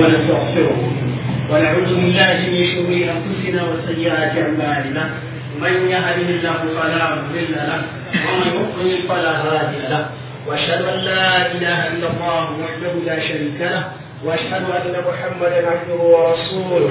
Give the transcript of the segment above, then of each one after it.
ونستغفره ونعوذ بالله من شرور انفسنا وسيئات اعمالنا من يهد الله فلا مضل له ومن يضلل فلا هادي له واشهد ان لا اله الا الله وحده لا شريك له واشهد ان محمدا عبده ورسوله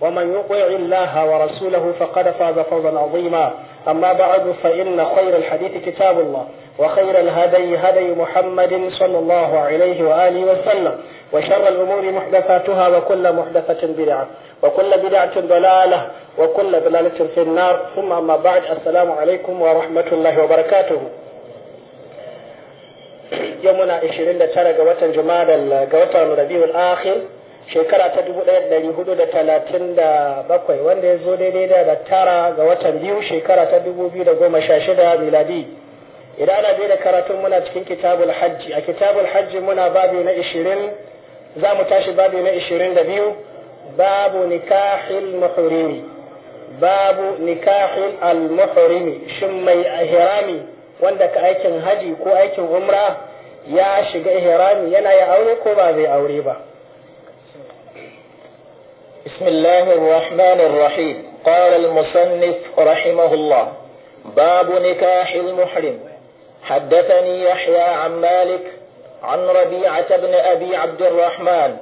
ومن يطع الله ورسوله فقد فاز فوزا عظيما أما بعد فإن خير الحديث كتاب الله وخير الهدي هدي محمد صلى الله عليه وآله وسلم وشر الأمور محدثاتها وكل محدثة بدعة وكل بدعة ضلالة وكل ضلالة في النار ثم أما بعد السلام عليكم ورحمة الله وبركاته يومنا 29 ga watan Juma'a ga watan Rabiul Akhir shekara ta dubu ɗaya da ɗari hudu da talatin da bakwai wanda ya zo daidai da tara ga watan biyu shekara ta dubu biyu da goma sha shida miladi idan ana biyu da karatun muna cikin kitabul hajji a kitabul hajji muna babi na ishirin za mu tashi babu na ishirin da biyu babu nikahil muhrimi babu nikahil al shin mai ihrami wanda ka aikin haji ko aikin umra ya shiga ihrami yana ya aure ko ba zai aure ba بسم الله الرحمن الرحيم قال المصنف رحمه الله باب نكاح المحرم حدثني يحيى عن مالك عن ربيعة بن أبي عبد الرحمن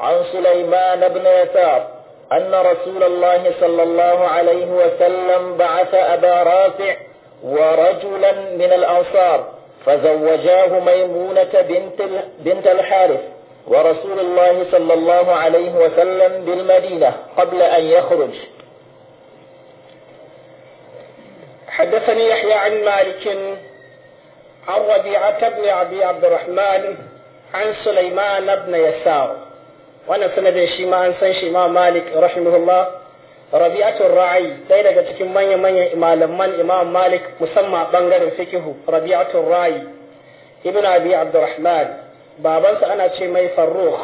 عن سليمان بن يسار أن رسول الله صلى الله عليه وسلم بعث أبا رافع ورجلا من الأنصار فزوجاه ميمونة بنت بنت الحارث ورسول الله صلى الله عليه وسلم بالمدينة قبل أن يخرج حدثني يحيى عن مالك عن ربيعة بن أبي عبد الرحمن عن سليمان بن يسار وأنا سند شيما عن سن شيما مالك رحمه الله ربيعة الرعي ɗaya من من manya من إمام مالك مسمى musamman فكه ربيعة الرعي ابن Ibn عبد الرحمن babansa ana ce mai farruh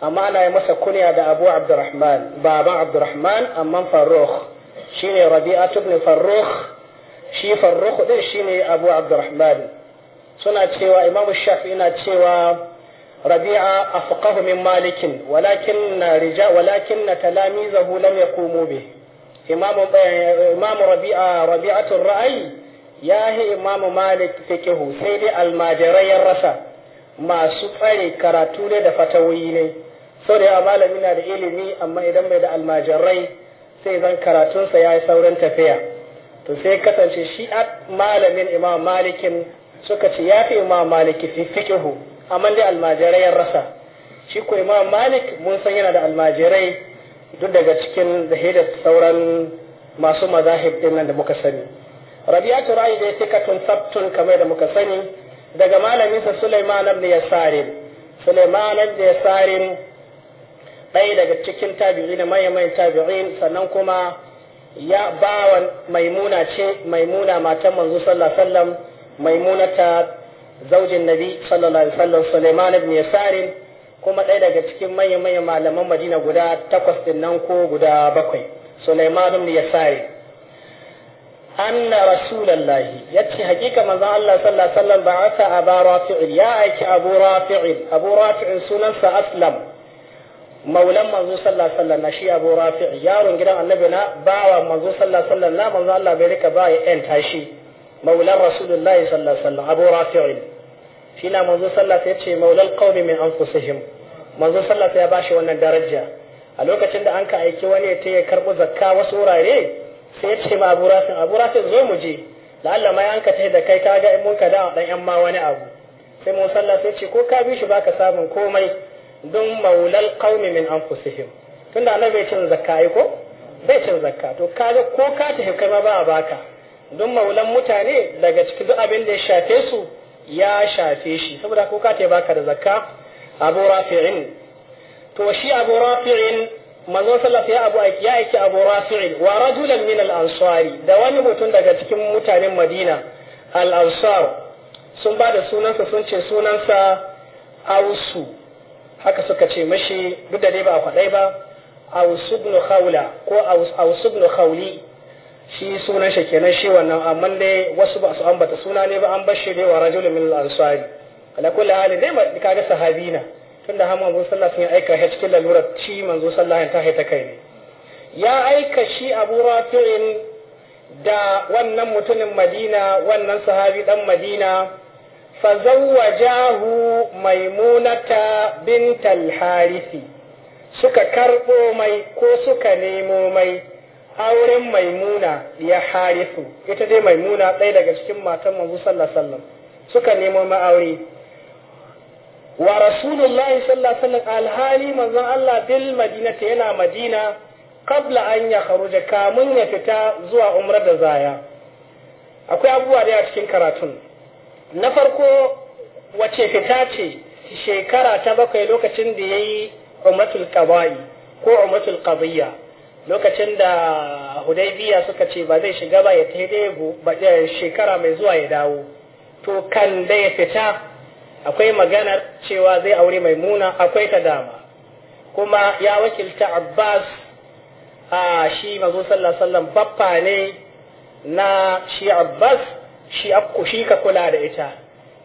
amma ana yi masa kunya da abu abdurrahman baban abdurrahman amma faruk shine rabi'a ibn farruh shi farruh din shine abu abdurrahman suna cewa imam shafi na cewa rabi'a afqahu min malikin walakin na rija walakin na talamizahu lam yaqumu bi imam imam rabi'a rabi'atu ra'ayi ya hi imam malik fiqhu sai dai almajirai rasa masu tsare karatu ne da fatawoyi ne sau da yawa malami na da ilimi amma idan mai da almajirai sai zan karatunsa ya yi saurin tafiya to sai kasance shi malamin imam malikin suka ce ya fi imam maliki fi fiƙihu amma dai almajirai ya rasa shi ko imam malik mun san yana da almajirai duk daga cikin zahidar sauran masu mazahib din nan da muka sani rabi'atu ra'i da ya tikatun sabtun kamar da muka sani daga malaminsa Sulaiman ibn Yasarin Sulaiman ibn Yasarin ɗaya daga cikin tabi'in mayan tabi'in sannan kuma ya bawa maimuna ce maimuna matan manzo sallallahu alaihi wasallam maimuna ta zaujin nabi sallallahu alaihi wasallam Sulaiman ibn Yasarin kuma ɗaya daga cikin manyan manyan malaman Madina guda takwas din nan ko guda bakwai Sulaiman ibn Yasarin anna rasulallahi yace hakika manzon Allah sallallahu alaihi wasallam ba aka aba rafi'il ya aiki abu rafi'il abu rafi'il sunansa aslam maulan manzo sallallahu na shi abu rafi'il yaron gidan annabi na bawa manzo sallallahu alaihi wasallam na manzo Allah bai rika ba ya yan tashi maulan rasulullahi sallallahu alaihi wasallam abu rafi'il shi na manzo sallallahu alaihi wasallam yace maulal qaumi min anfusihim manzo sallallahu alaihi wasallam ya bashi wannan daraja a lokacin da an ka aiki wani ya ta ya karbo zakka wasu wurare sai ya ce ma abu rasin abu rasin zo mu je la'alla ma an ka da kai ka ga mun ka da dan yan ma wani abu sai mun sallah sai ce ko ka bi shi baka samun komai don maulal qaumi min anfusihim tunda annabi bai cin zakka ai ko bai cin zakka to kaga ko ka ta kai ma ba a baka don maulan mutane daga cikin duk abin da ya shafe su ya shafe shi saboda ko ka ta baka da zakka abu rafi'in to shi abu rafi'in manzon sallallahu ya abu aiki ya aiki abu wa rajulan min al-ansari da wani mutum daga cikin mutanen madina al-ansar sun bada da sunansa sun ce sunansa ausu haka suka ce mashi duk da dai ba a kwadai ba ausu ibn khawla ko ausu ibn khawli shi sunan shi kenan shi wannan amma dai wasu ba su ambata suna ne ba an bar shi ne wa rajulan min al-ansari ala kulli hali dai kaga sahabina tun da manzo sallah sun aika shi cikin lalurar ci manzo sallah ta haita kai ne ya aika shi abu rafi'in da wannan mutumin madina wannan sahabi dan madina jahu maimunata bintal harisi suka karbo mai ko suka nemo mai auren maimuna ya harisu ita dai maimuna ɗaya daga cikin matan manzo sallah suka nemo mai aure wa rasulullahi sallallahu alaihi wasallam alhali manzon Allah bil ta yana madina qabla an ya kharuja kamun ya fita zuwa umra da zaya akwai abubuwa da cikin karatun na farko wace fita ce shekara ta bakwai lokacin da yayi umratul qaba'i ko umratul qabiyya lokacin da hudaybiya suka ce ba zai shiga ba ya ba eh, shekara mai zuwa ya dawo to kan da ya fita akwai maganar cewa zai aure Muna akwai ta dama kuma ya wakilta abbas a shi mazo sallallahu baffa ne na shi abbas shi ka kula da ita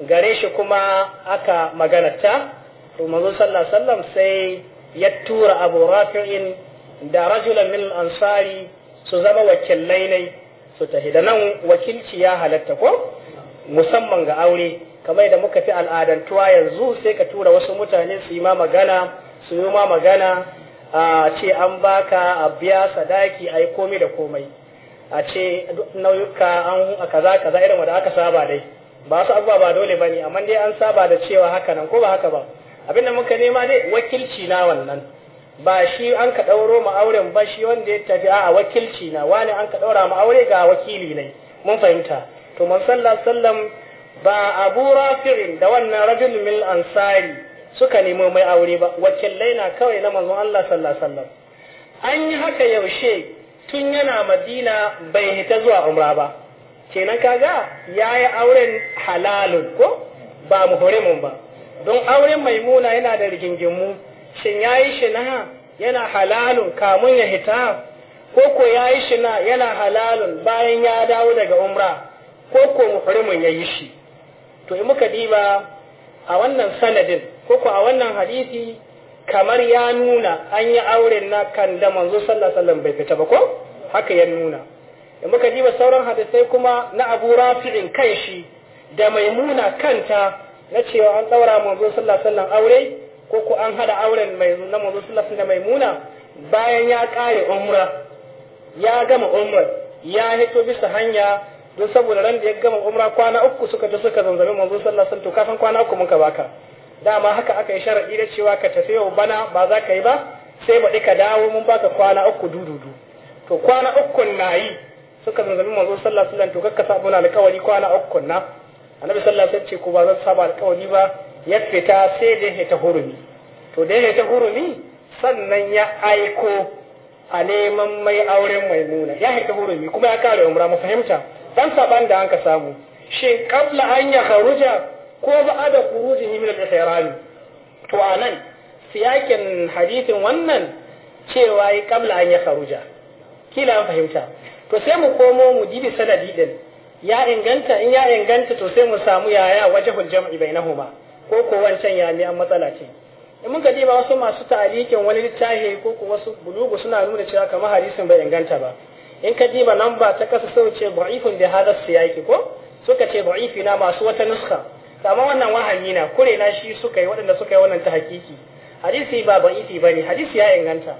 gare shi kuma aka maganarta to mazo sallallahu sai ya tura abu rafi'in da rajulan min ansari su zama wakilai ne su tafi da nan wakilci ya halatta ko musamman ga aure kamar da muka fi al'adantuwa yanzu sai ka tura wasu mutane su yi ma magana su yi ma magana a ce an baka a biya sadaki a yi komai da komai a ce nauyuka an kaza kaza irin wanda aka saba dai ba su abubuwa ba dole ba ne amma dai an saba da cewa haka nan ko ba haka ba abin da muka nema dai wakilci na wannan ba shi an ka ɗauro ma auren ba shi wanda ya tafi a wakilci na wani an ka ɗaura ma aure ga wakili ne mun fahimta to man sallallahu sallam ba abu rafi'in da wannan rajul mil ansari suka nemo mai aure ba wakillai na kawai na manzon Allah sallallahu alaihi an yi haka yaushe tun yana madina bai hita zuwa umra ba kenan kaga yayi auren halalun ko ba muhrimun ba don auren maimuna yana da rigingimu shin yayi shi na yana halalun kamun ya hita ko ko yayi shi na yana halalun bayan ya dawo daga umra ko ko muhrimun yayi shi to in muka diba a wannan sanadin ko a wannan hadisi kamar ya nuna an yi auren na kan da manzo sallallahu bai fita ba ko haka ya nuna in muka diba sauran hadisai kuma na Abu Rafi'in kai shi da Maimuna kanta na cewa an daura manzo sallallahu alaihi wasallam aure ko an hada auren mai na manzo sallallahu alaihi Maimuna bayan ya kare umra ya gama umra ya hito bisa hanya don saboda ran da ya gama umra kwana uku suka ta suka zanzame manzo sallallahu alaihi wasallam kwana uku mun ka baka dama haka aka yi sharadi da cewa ka tafi yau bana ba za ka yi ba sai baɗi ka dawo mun baka kwana uku dududu to kwana uku na yi suka zanzame manzo sallallahu alaihi wasallam to kakka sabu na alƙawari kwana uku na annabi sallallahu alaihi wasallam ce ko ba zan saba alƙawari ba ya fita sai da ya ta hurumi to da ya ta hurumi sannan ya aiko a neman mai auren mai nuna ya haita hurumi kuma ya kare umra mu fahimta dan saban da an ka samu shin kabla an ya kharuja ko ba'ada khurujihi min al-ihram to anan siyakin hadisin wannan cewa yi qabla an ya kharuja kila an fahimta to sai mu komo mu dibi sanadi din ya inganta in ya inganta to sai mu samu yaya wajhul jam'i bainahuma ko ko wancan ya ne an matsala ce in muka diba wasu masu ta'alikin wani littafi ko ko wasu bulugu suna nuna cewa kamar hadisin bai inganta ba in ka ji ma lamba ta kasa sau ce da bi hadha yaki ko suka ce ba'ifi na masu wata nuska amma wannan wahayi na kure na shi suka yi waɗanda suka yi wannan ta hakiki hadisi ba ba ne, hadisi ya inganta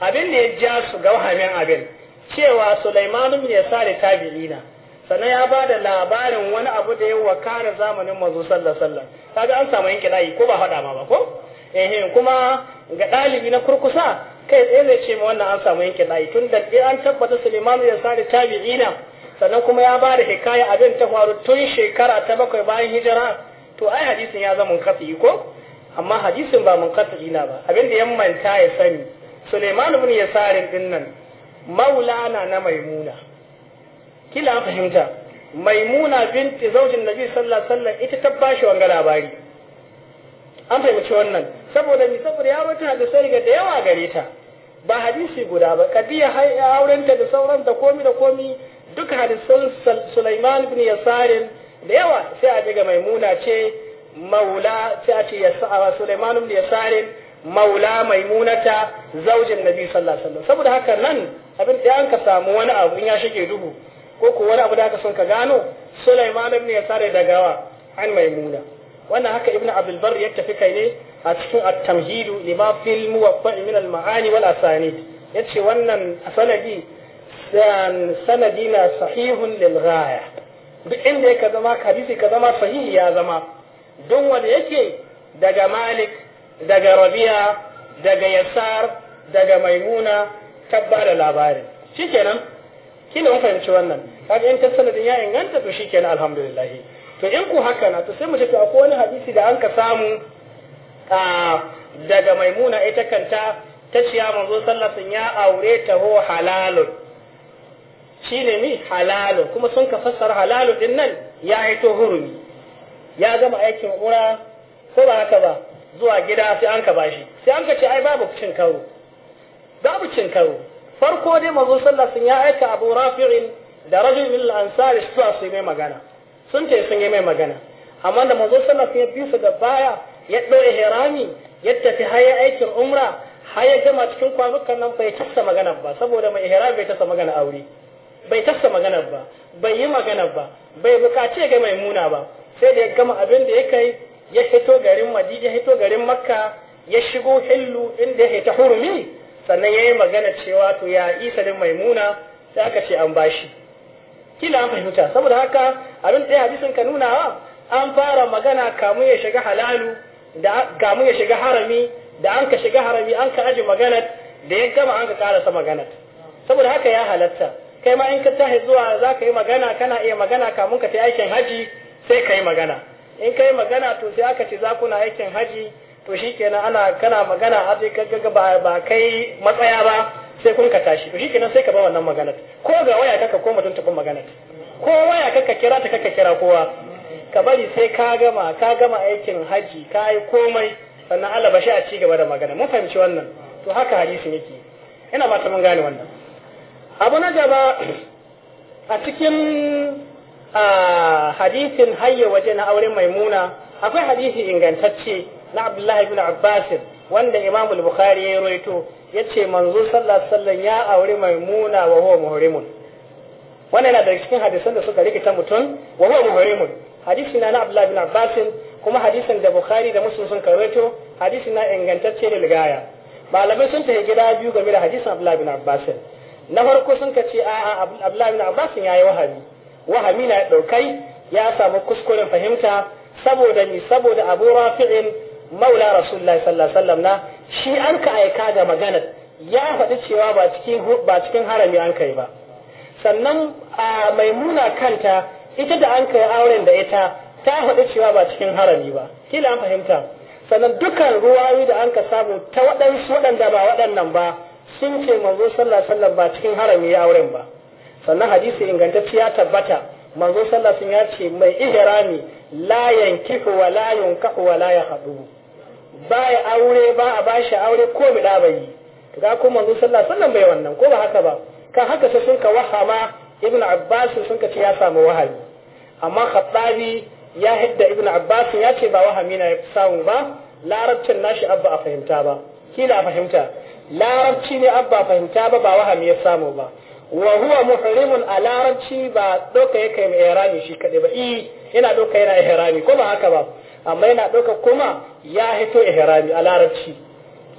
abin da ya ja su ga wahamin abin cewa Sulaiman ibn Yasar tabi'ina sannan ya ba da labarin wani abu da ya kare zamanin Mazu sallallahu alaihi kaga an samu yanke layi ko ba haɗa ma ba ko ehe kuma ga ɗalibi na kurkusa kai tsaye zai ce wannan an samu yankin layi tun da an tabbata Suleimanu ya sare tabi'ina sannan kuma ya ba da hikaya abin ta faru tun shekara ta bakwai bayan hijira to ai hadisin ya zama munkafi ko amma hadisin ba munkafi ina ba abin da ya manta ya sani Suleimanu bin ya din nan maulana na Maimuna kila fahimta Maimuna binti zaujin Nabi sallallahu alaihi wasallam ita ta bashi wanga labari an fahimci wannan saboda ni saboda ya da sai ga da yawa gare ta ba hadisi guda ba kadiya ya aurenta da sauran da komi da komi duk hadisan Sulaiman bin Yasarin da yawa sai a daga maimuna ce maula sai a ce Sulaiman bin Yasarin maula maimunata zaujin Nabi sallallahu alaihi wasallam saboda haka nan abin da an ka samu wani abu in ya shige duhu ko ko wani abu da aka son ka gano Sulaiman bin Yasarin daga wa an maimuna wannan haka ibn abdul bar ya tafi kai ne a cikin at-tamhidu lima fil muwaffa'i min al-ma'ani wal asanid yace wannan sanadi sanadi na sahihun lil ghaya duk inda yake zama hadisi ka zama sahihi ya zama don wanda yake daga malik daga rabi'a daga yasar daga maimuna tabba da labarin shikenan kina mun fahimci wannan kaga in ta sanadin ya inganta to shikenan alhamdulillah to in ku haka na to sai mu tafi akwai wani hadisi da an ka samu daga maimuna ita kanta ta ciya manzo sallasin ya aure ta ho halalun shi ne mi halalun kuma sun ka fassara halalun din nan ya to hurumi ya gama aikin ura ko ba haka ba zuwa gida sai an ka bashi sai an ka ce ai babu cin karo babu cin karo farko dai manzo sallasin ya aika abu rafi'in da rajulin al-ansari su mai magana sun ce sun yi mai magana amma da manzo sallallahu ya bi su da baya ya ɗau ihrami ya tafi haya aikin umra har ya gama cikin kwanukan nan bai tassa magana ba saboda mai ihrami bai tassa magana aure bai tassa magana ba bai yi magana ba bai bukace ga maimuna ba sai da ya gama abin da ya kai ya hito garin madina ya hito garin makka ya shigo hillu inda ya hita hurumi sannan ya yi magana cewa to ya isa din maimuna sai aka ce an bashi kila an fahimta saboda haka abin da hadisin ka nuna wa an fara magana kamun ya shiga halalu da kamu ya shiga harami da an ka shiga harami an ka aji magana da ya gama an ka karasa magana saboda haka ya halatta kai ma in ka tahi zuwa za ka yi magana kana iya magana kamun ka ta aikin haji sai ka yi magana in ka yi magana to sai aka ce za kuna aikin haji to shikenan ana kana magana har ka ga ba kai matsaya ba sai kun ka tashi to shikenan sai ka ba wannan magana ko ga waya kaka ko mutum tafin magana ko waya kaka kira ta kaka kira kowa ka bari sai ka gama ka gama aikin haji ka yi komai sannan Allah ba shi a ci gaba da magana mun fahimci wannan to haka hadisin yake ina ba ta mun gane wannan abu na gaba a cikin hadisin hayya waje na auren maimuna akwai hadisi ingantacce na Abdullahi ibn Abbas wanda Imam bukhari ya rawaito yace manzo sallallahu alaihi wasallam ya aure maimuna wa huwa muhrimun wannan yana daga cikin hadisan da suka rikita mutum wa huwa muhrimun hadisi na Abdullah bin Abbas kuma hadisin da Bukhari da Muslim sun karwato hadisi na ingantacce da ligaya malamai sun tafi gida biyu game da hadisin Abdullah bin Abbas na farko sun ka ce a Abdullah bin Abbas yi wahabi wahami na daukai ya samu kuskuren fahimta saboda ni saboda Abu Rafi'in maula rasulullahi sallallahu alaihi wasallam na shi an ka aika ga magana ya faɗi cewa ba cikin ba cikin harami an kai ba sannan a maimuna kanta ita da an kai auren da ita ta faɗi cewa ba cikin harami ba kila an fahimta sannan dukkan ruwayoyi da an ka samu ta waɗansu waɗanda ba waɗannan ba sun ce manzo sallallahu alaihi wasallam ba cikin harami ya auren ba sannan hadisi ingantacce ya tabbata manzo sallallahu alaihi wasallam ya ce mai ihrami la yankihu wa la yunkahu wa la yahdubu ba ya aure ba a ba shi aure ko mi da bai to ga kuma manzo sallallahu alaihi wasallam bai wannan ko ba haka ba kan haka sai sun ka wahama ibnu abbas sun ka ce ya samu wahayi amma khattabi ya hidda ibnu abbas ya ce ba wahami na ya samu ba larabcin nashi abba a fahimta ba kila fahimta larabci ne abba fahimta ba ba wahami ya samu ba wa huwa muhrimun a larabci ba doka yake mai ihrami shi kadai ba yana doka yana ihrami ko ba haka ba amma yana ɗauka kuma ya hito ihrami a larabci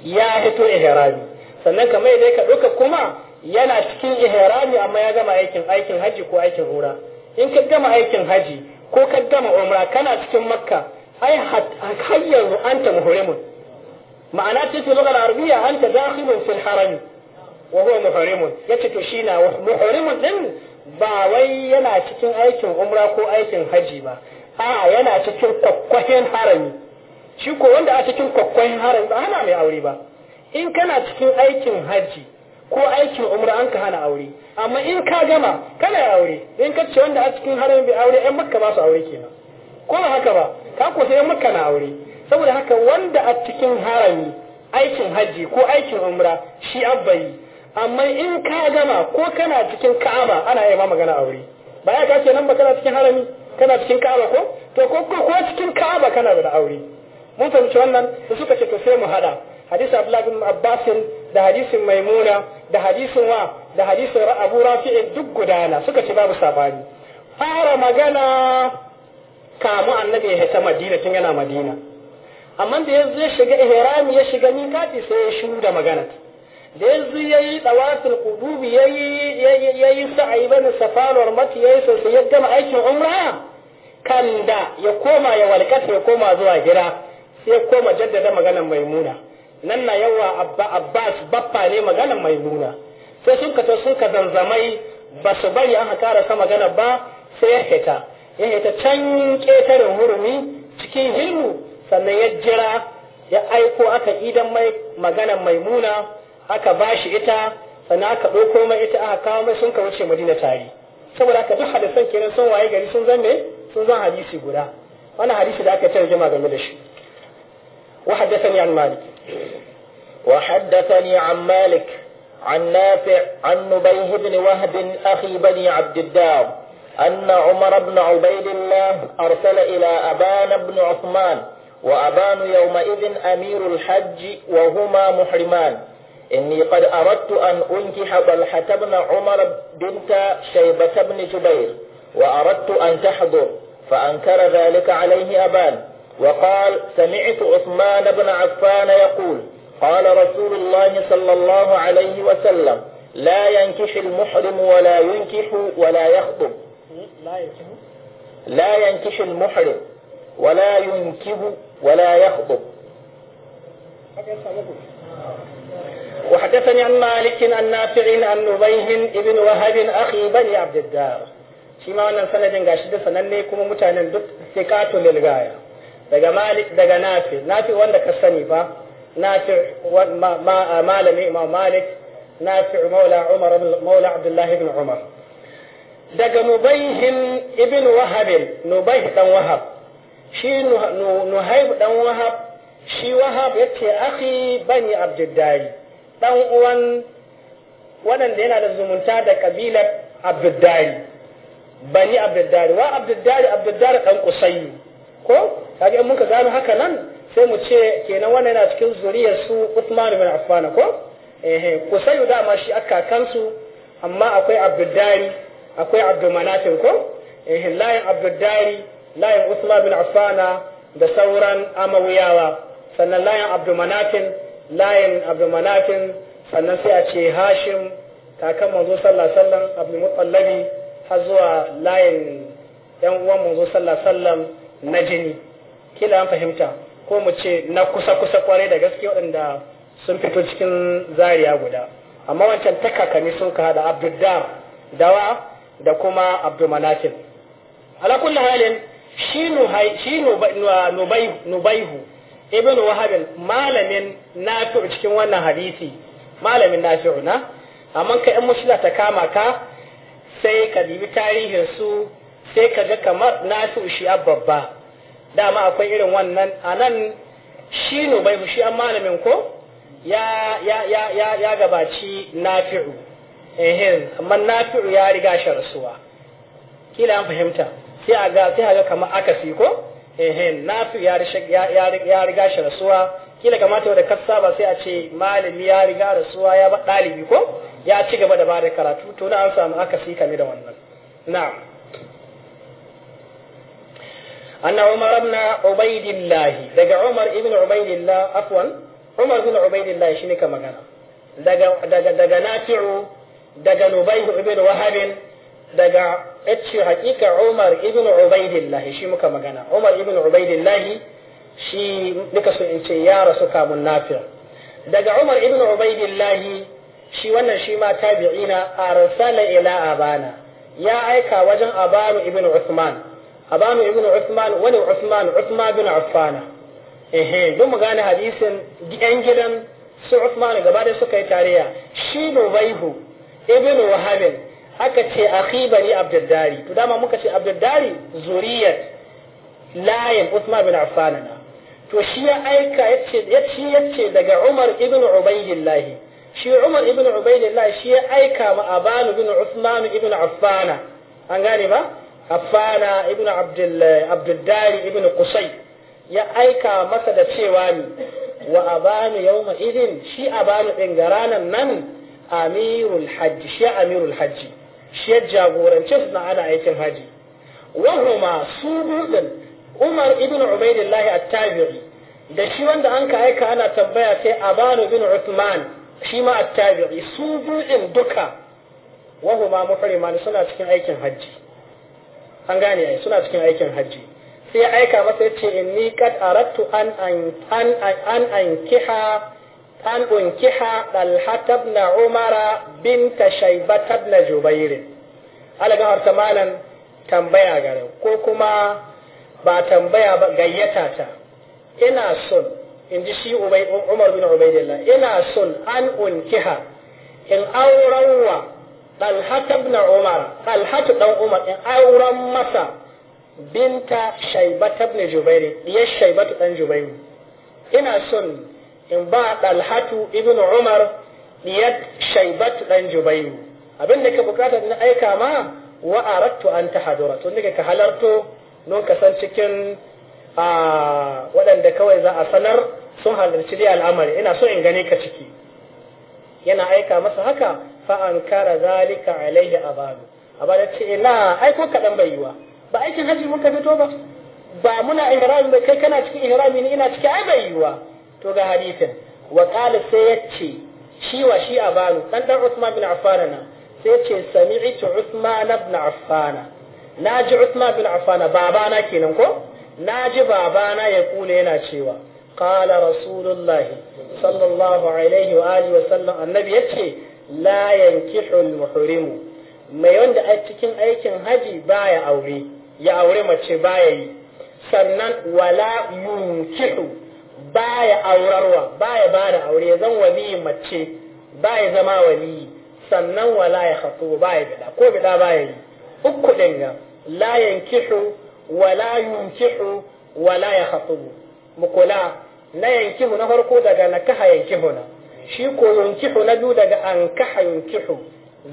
ya hito ihrami sannan kamar yadda ka ɗaukar kuma yana cikin ihrami amma ya gama aikin aikin haji ko aikin umra in ka gama aikin haji ko ka gama umra kana cikin makka ai har yanzu anta muhrimun ma'ana ce ce lugar arabiya anta dakhilun fil harami wa huwa muhrimun yace to shi na muhrimun din ba wai yana cikin aikin umra ko aikin haji ba a yana cikin kwakwahin harami shi ko wanda a cikin kwakwahin harami ba hana mai aure ba in kana cikin aikin hajji ko aikin umra an ka hana aure amma in ka gama kana aure in ka ce wanda a cikin harami bai aure yan makka ba su aure kenan ko ba haka ba ka ko sai makka na aure saboda haka wanda a cikin harami aikin hajji ko aikin umra shi abbayi amma in ka gama ko kana cikin ka'aba ana iya ma magana aure ba ya ka ce nan ba kana cikin harami kana cikin kaba ko to ko ko cikin kaba kana da aure mun fahimci wannan da suka ce to sai mu hada hadisi abdullahi bin abbasin da hadisin maimuna da hadisin wa da hadisin abu rafi'in duk gudana suka ce babu sabani fara magana kamu annabi ya hita madina tun yana madina amma da yanzu ya shiga ihrami ya shiga mikati sai ya shiru da magana da yanzu ya yi ɗawatul ƙudubi ya yi sa'ayi bane safaruwar mati ya yi sosai ya gama aikin umra kan da ya koma ya walƙata ya koma zuwa gida sai ya koma jaddada maganar maimuna nan na yawa abbas baffa ne mai maimuna sai sun kato sun ka zanzamai ba su bari an haƙara sa magana ba sai ya heta ya heta can ƙetaren hurumi cikin hilmu sannan ya jira ya aiko aka idan mai maganar maimuna aka bashi ita sannan aka ɗauko mai ita aka kawo mai sun ka wuce madina tare saboda haka duk hadisan kenan sun waye gari sun zan me sun zan hadisi guda wannan hadisi da aka tarjuma game da shi wa haddathani an malik wa haddathani an malik عن نافع عن نبيه بن وهب أخي بني عبد الدار أن عمر بن عبيد الله أرسل إلى أبان بن عثمان وأبان يومئذ أمير الحج وهما محرمان إني قد أردت أن أنكح طلحة بن عمر بنت شيبة بن جبير وأردت أن تحضر فأنكر ذلك عليه أبان وقال سمعت عثمان بن عفان يقول قال رسول الله صلى الله عليه وسلم لا ينكح المحرم ولا ينكح ولا يخطب لا ينكح المحرم ولا ينكب ولا يخطب وحدثني عن مالك عن نافع عن نبيه ابن وهب أخي بني عبد الدار شما wannan sanadin gashi da sananne kuma mutanen duk sikatu lil gaya daga malik nafi wanda ka sani ba nafi malami imam malik nafi maula umar maula abdullah umar daga nubayhin ibn wahab nubayh dan wahab shi nuhayb dan wahab shi wahab yace akhi bani abdiddari ɗan uwan waɗanda yana da zumunta da ƙabilar abdullahi bani abdullahi wa abdullahi abdullahi ɗan kusayu ko kage in muka gano haka nan sai mu ce kenan wannan yana cikin zuriyar su Uthman ibn Affan ko eh da dama shi kansu amma akwai abdullahi akwai abdulmanatin ko eh layin abdullahi layin Uthman ibn Affan da sauran amawiyawa sannan layin abdulmanatin layin abdulmanafin sannan sai a ce hashim kakan manzo sallah sallam abdulmutallabi har zuwa layin yan uwan manzo sallah sallam na jini kila an fahimta ko mu ce na kusa kusa kwarai da gaske waɗanda sun fito cikin zariya guda amma wancan ta kakanni sun ka hada abduddam dawa da kuma abdulmanafin ala da halin shi nubaihu ibn wahabin malamin nafi'u cikin wannan hadisi malamin nafi'u na amma ka yan mushila ta kama ka sai ka dibi tarihin su sai ka ga kamar nafi'u shi babba dama akwai irin wannan anan shi ne bai shi an malamin ko ya ya ya ya ya gabaci nafi'u ehin amma nafi'u ya riga shi rasuwa kila an fahimta sai a ga sai a ga kamar akasi ko Na fi ya ya riga shi rasuwa kila kamata da kasa ba sai a ce malami ya riga rasuwa ya ba dalibi ko ya ci gaba da bada karatu to na an samu aka si kame da wannan na'am anna umar ibn ubaidillah daga umar ibn ubaidillah afwan umar ibn shi shine ka magana daga daga daga nafi'u daga nubayh ibn wahabin daga yace hakika Umar ibn Ubaidillah shi muka magana Umar ibn Ubaidillah shi muka so in ce ya rasu kamun nafi daga Umar ibn Ubaidillah shi wannan shi ma tabi'ina arsala ila abana ya aika wajen Abanu ibn Uthman Abanu ibn Uthman wani Uthman Uthman bin Affan eh duk mu gane hadisin yan gidan su Uthman gaba da suka yi tarayya shi Nubaihu ibn Wahab aka ce akhi bani abdaddari to dama muka ce abdaddari zuriyar layin usman bin affan na to shi ya aika yace yace yace daga umar ibn ubaydillah shi umar ibn ubaydillah shi ya aika ma abanu bin usman ibn affan an gane ba affana ibn abdul abdaddari ibn qusay ya aika masa da cewa ni wa abanu yawma idin shi abanu din garanan nan amirul hajji shi amirul hajji shi ya jagorance su ana aikin haji wahuma su buzin umar ibn ubaidillahi at-tabiri da shi wanda an ka aika ana tambaya sai abanu bin uthman shi ma at-tabiri su buɗin duka wahuma muhrimani suna cikin aikin haji an gane ai suna cikin aikin haji sai ya aika masa ya inni qad aradtu an an an an ankiha an unkiha ɗalhata ibn umara binta shaibata ibn jubairin alaga harta malan tambaya gare ko kuma ba tambaya ba gayyata ta ina son in ji shi umar bin ubaidillah ina son an unkiha in aurenwa ɗalhata ibn umara ta ɗan umar in auren masa binta shaibata ibn jubairin diyar ta ɗan jubairu ina son in ba dalhatu ibn umar diyat shaibat ɗan jubairu abin da ka bukata na aika ma wa arattu an tahdura to nika ka halarto non ka san cikin waɗanda kawai za a sanar sun halarci dai al'amari ina so in gane ka ciki yana aika masa haka fa an kara zalika alaihi abadu abada ce ina ai ko kaɗan bai wa. ba aikin hajji ka fito ba ba muna ihrami ba kai kana cikin ihrami ne ina cikin ai bai to ga hadisin wa qala sai yace shi wa shi abanu dan dan Usman bin Affan na sai yace sami'tu Usman ibn Affan naji Usman bin Affan babana kenan ko naji babana ya kula yana cewa qala rasulullah sallallahu alaihi wa alihi wa sallam annabi yace la yankihu al-muhrimu mai wanda a cikin aikin haji baya aure ya aure mace baya yi sannan wala yunkihu baya aurarwa baya ba da aure zan waliyin mace baya zama wali sannan wala ya khatu baya bida ko bida baya yi uku din ga la yankihu wala yunkihu wala ya khatu mukula na yankihu na farko daga nakaha yankihu na shi ko yankihu na biyu daga ankaha yankihu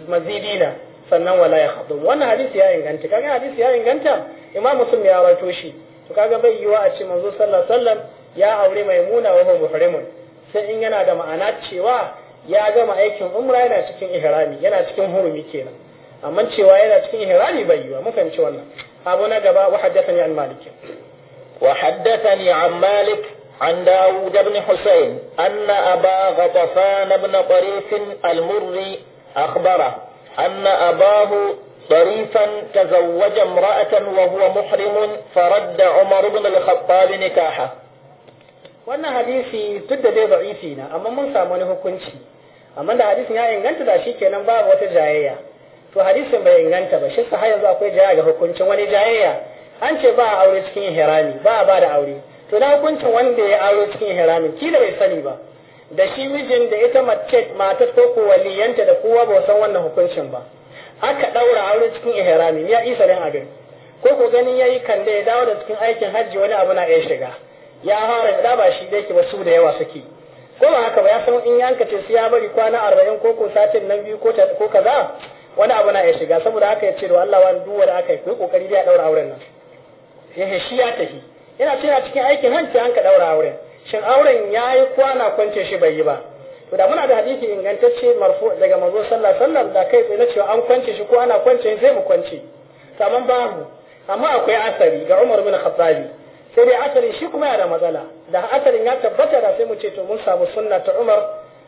mazidina sannan wala ya khatu wannan hadisi ya inganta kaga hadisi ya inganta imam muslim ya rawato shi to kaga bai yiwa a ce manzo sallallahu alaihi wasallam ya aure maimuna wa muhrimun sai in yana da ma'ana cewa ya gama aikin umra yana cikin ihrami yana cikin hurumi kenan amma cewa yana cikin ihrami bai yiwa mun fahimci wannan abu na gaba wa haddathani an malik wa haddathani an malik عن داود بن حسين أن أبا غطفان بن طريف المري أخبره أن أباه طريفا تزوج امرأة وهو محرم فرد عمر بن الخطاب نكاحه wannan hadisi duk da dai da'ifi na amma mun samu wani hukunci amma da hadisin ya inganta da shi kenan babu wata jayayya to hadisin bai inganta ba shi har yanzu akwai jaya ga hukuncin wani jayayya an ce ba aure cikin hirami ba ba da aure to na hukuncin wanda ya aure cikin hirami kila bai sani ba da shi mijin da ita mace matar ko ko waliyanta da kowa ba san wannan hukuncin ba aka daura aure cikin ihrami ya isa dan abin ko ko ganin yayi kande ya dawo da cikin aikin hajji wani abu na ya shiga ya hara da ba shi da yake ba su da yawa suke ko ba haka ba ya san in yanka ce sai ya bari kwana arba'in ko ko satin nan biyu ko kaza wani abu na ya shiga saboda haka ya ce da Allah wani da aka yi ko kokari da ya daura auren nan ya shi ya tafi yana cewa cikin aikin hanci an ka daura auren shin auren yayi yi kwana kwance shi bai yi ba to da muna da hadisi ingantacce marfu daga manzo sallallahu alaihi da kai tsaye cewa an kwance shi ko ana kwance sai mu kwance to amma babu amma akwai asari ga Umar bin Khattabi sai dai asalin shi kuma ya da matsala da asalin ya tabbata da sai mu ce to mun samu sunna ta Umar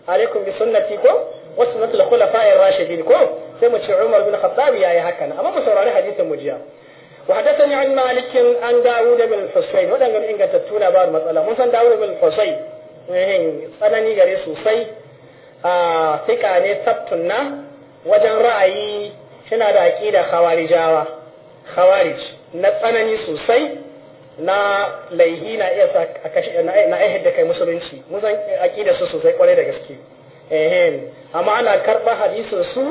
alaikum bi sunnati ko wa sunnatul khulafa'ir rashidin ko sai mu ce Umar bin Khattab yayi hakan amma mu saurari hadisin mu jiya wa hadathani an Malik an Dawud bin Husayn wadannan tuna ba matsala mun san Dawud bin Husayn eh tsanani gare sosai a fika ne sabtunna wajen ra'ayi suna da aqida khawarijawa khawarij na tsanani sosai na laihi na iya sa a kashi na da kai musulunci mun aƙida su sosai kwarai da gaske ehem amma ana karba hadisin su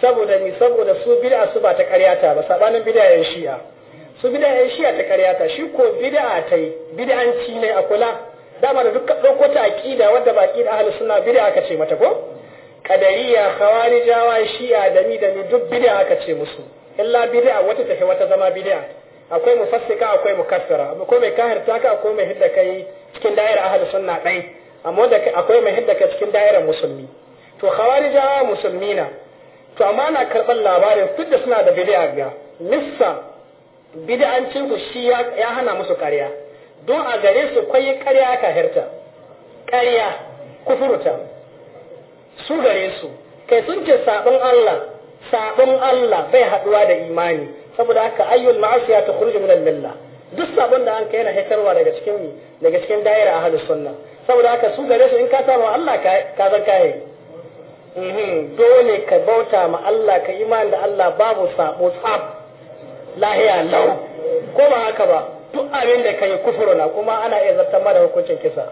saboda mi saboda su bid'a su ba ta karyata ba sabanin bid'a shi'a su bid'a shi'a ta karyata shi ko bid'a tai bid'anci ne a kula dama da duk ɗauko ta aƙida wadda ba aƙida ahlus suna bid'a aka ce mata ko kadariya khawarijawa shi'a da ni da ni duk bid'a aka ce musu illa bid'a wata tafi wata zama bid'a akwai mufassika akwai mukassara ko mai ta ka akwai mai hidda kai cikin da'ira ahli sunna dai amma da akwai mai hidda kai cikin da'irar musulmi to khawarija musulmi musulmina to amma na karɓar labarin duk da suna da bid'a ga nissa bid'ancin ku shi ya hana musu ƙarya don a gare su kwayi ƙarya kahirta ƙarya kufurta su gare su kai sun ce sabon Allah sabon Allah bai haɗuwa da imani saboda haka ayyul ma'asiya ta khruju min al duk sabon da an kai yana hekarwa daga cikin daga cikin daira ahlus sunna saboda haka su gare su in ka saba Allah ka zan kai mhm, dole ka bauta ma Allah ka imani da Allah babu sabo sab lahiya lau ko ba haka ba duk abin da kai kufuru na kuma ana iya zartar ma da hukuncin kisa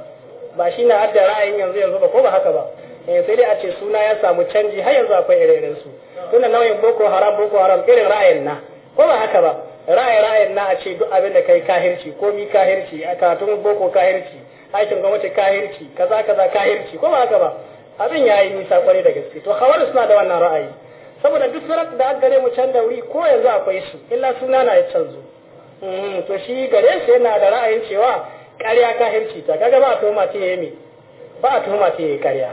ba shi na hadda ra'ayin yanzu yanzu ba ko ba haka ba eh sai dai a ce suna ya samu canji har yanzu akwai ire-iren su tunda nauyin boko haram boko haram irin ra'ayin na ko ba haka ba ra'ayi ra'ayin na a ce duk abin da kai kahirci ko mi kahirci a karatun boko kahirci aikin gwamnati kahirci kaza kaza kahirci ko ba haka ba abin ya yi nisa kwarai da gaske to hawar suna da wannan ra'ayi saboda duk sanar da aka gare mu can da wuri ko yanzu akwai su illa suna na ya canzo mm, to shi gare su yana da ra'ayin cewa ƙarya kahirci ta kaga ba a tuhuma ta yi ba a tuhuma ta yi ƙarya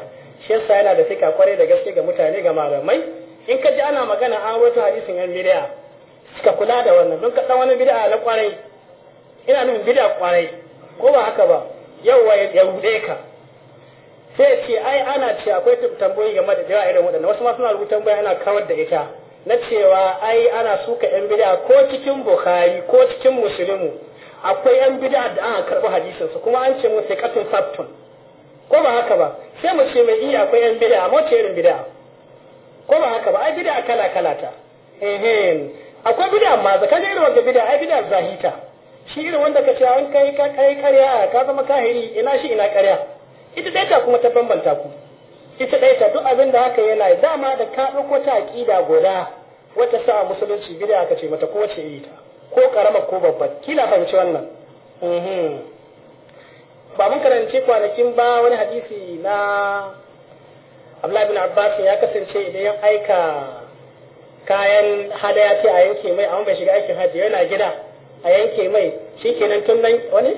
shi yasa yana da fika kwarai da gaske ga mutane ga malamai in ka ji ana magana an wata hadisin yan miliya Suka kula da wannan don kaɗan wani bid'a na kwarai ina nufin bid'a kwarai ko ba haka ba yawwa ya rude ka sai ce ai ana ce akwai tambayoyi game da jawa irin waɗannan wasu ma suna rubuta tambaya ana kawar da ita na cewa ai ana suka yan bid'a ko cikin bukhari ko cikin musulmi akwai yan bid'a da aka karɓi su kuma an ce sai katun sabtun ko ba haka ba sai mu ce mai iya eh, akwai yan bid'a amma ce irin bid'a ko ba haka ba ai bid'a kala kala ta ehem akwai bid'a amma zaka ga irin wanda bid'a ai bid'a zahita shi irin wanda ka ce an kai ka kai karya ka zama kahiri ina shi ina karya ita dai ta kuma ta bambanta ku ita dai ta duk abin da haka yana dama da ka dauko ta aqida guda wata sa musulunci bid'a ka ce mata ko wace iri ta ko karama ko babba kila fahimci wannan mhm. ba mun karance kwanakin ba wani hadisi na Abdullahi bin Abbas ya kasance idan ya aika kayan hadaya ce a yanke mai amma bai shiga aikin hajji yana gida a yanke mai shi kenan tun nan wani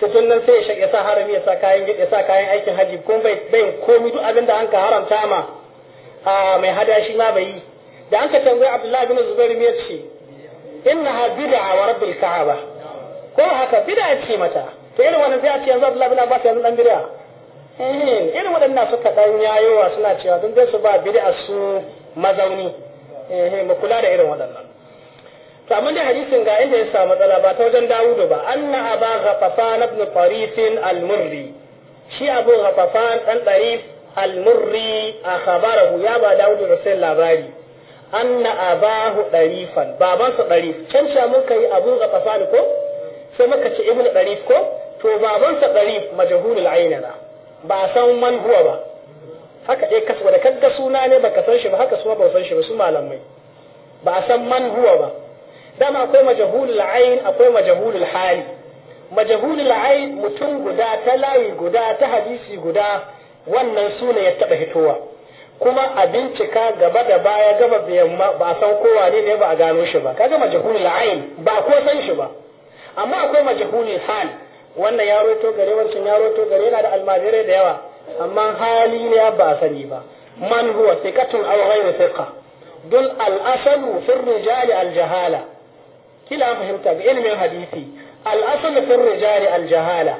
ta tun nan sai ya sa harami ya sa kayan ya sa kayan aikin hajji ko bai bai komi duk abin da an ka haramta ma a mai hadaya shi ma bai yi da an ka tambayi Abdullahi bin Zubair me yace ha bid'a wa rabbil ka'aba ko haka bid'a ce mata to irin wannan sai a ce yanzu Abdullahi bin Abbas yanzu dan bid'a eh, irin waɗannan suka ɗan yayowa suna cewa don dai su ba bid'a su mazauni Eh, mu kula da irin waɗannan to dai hadisin ga inda ya samu matsala ba ta wajen Dawudu ba na aba ghafafan ibn farifin al-Murri shi Abu Ghafafan ɗan Tarif al-Murri a hu ya ba Dawudu da sai labari anna abahu Tarifan baban su ɗarif can sha muka yi Abu Ghafafan ko sai muka ce ibn ɗarif ko to baban ɗari Tarif majhulul ainana ba san man huwa ba haka dai kasu da kaga suna ne baka san shi ba haka suma ba san shi ba su malamai ba a san man huwa ba dama akwai majahulul ain akwai majahulul hali majahulul ain mutum guda ta layi guda ta hadisi guda wannan suna ya taba hitowa kuma a bincika gaba da baya gaba da yamma ba a san kowa ne ne ba a gano shi ba kaga majahulul ain ba ko san shi ba amma akwai majahulul hali wannan yaro to gare wancan yaro to gare yana da almajirai da yawa amma hali ne ba sani ba man huwa sikatun aw ghayru thiqa dul al asalu fi rijal al jahala kila fahimta ga ilmin hadisi al asalu fi rijal al jahala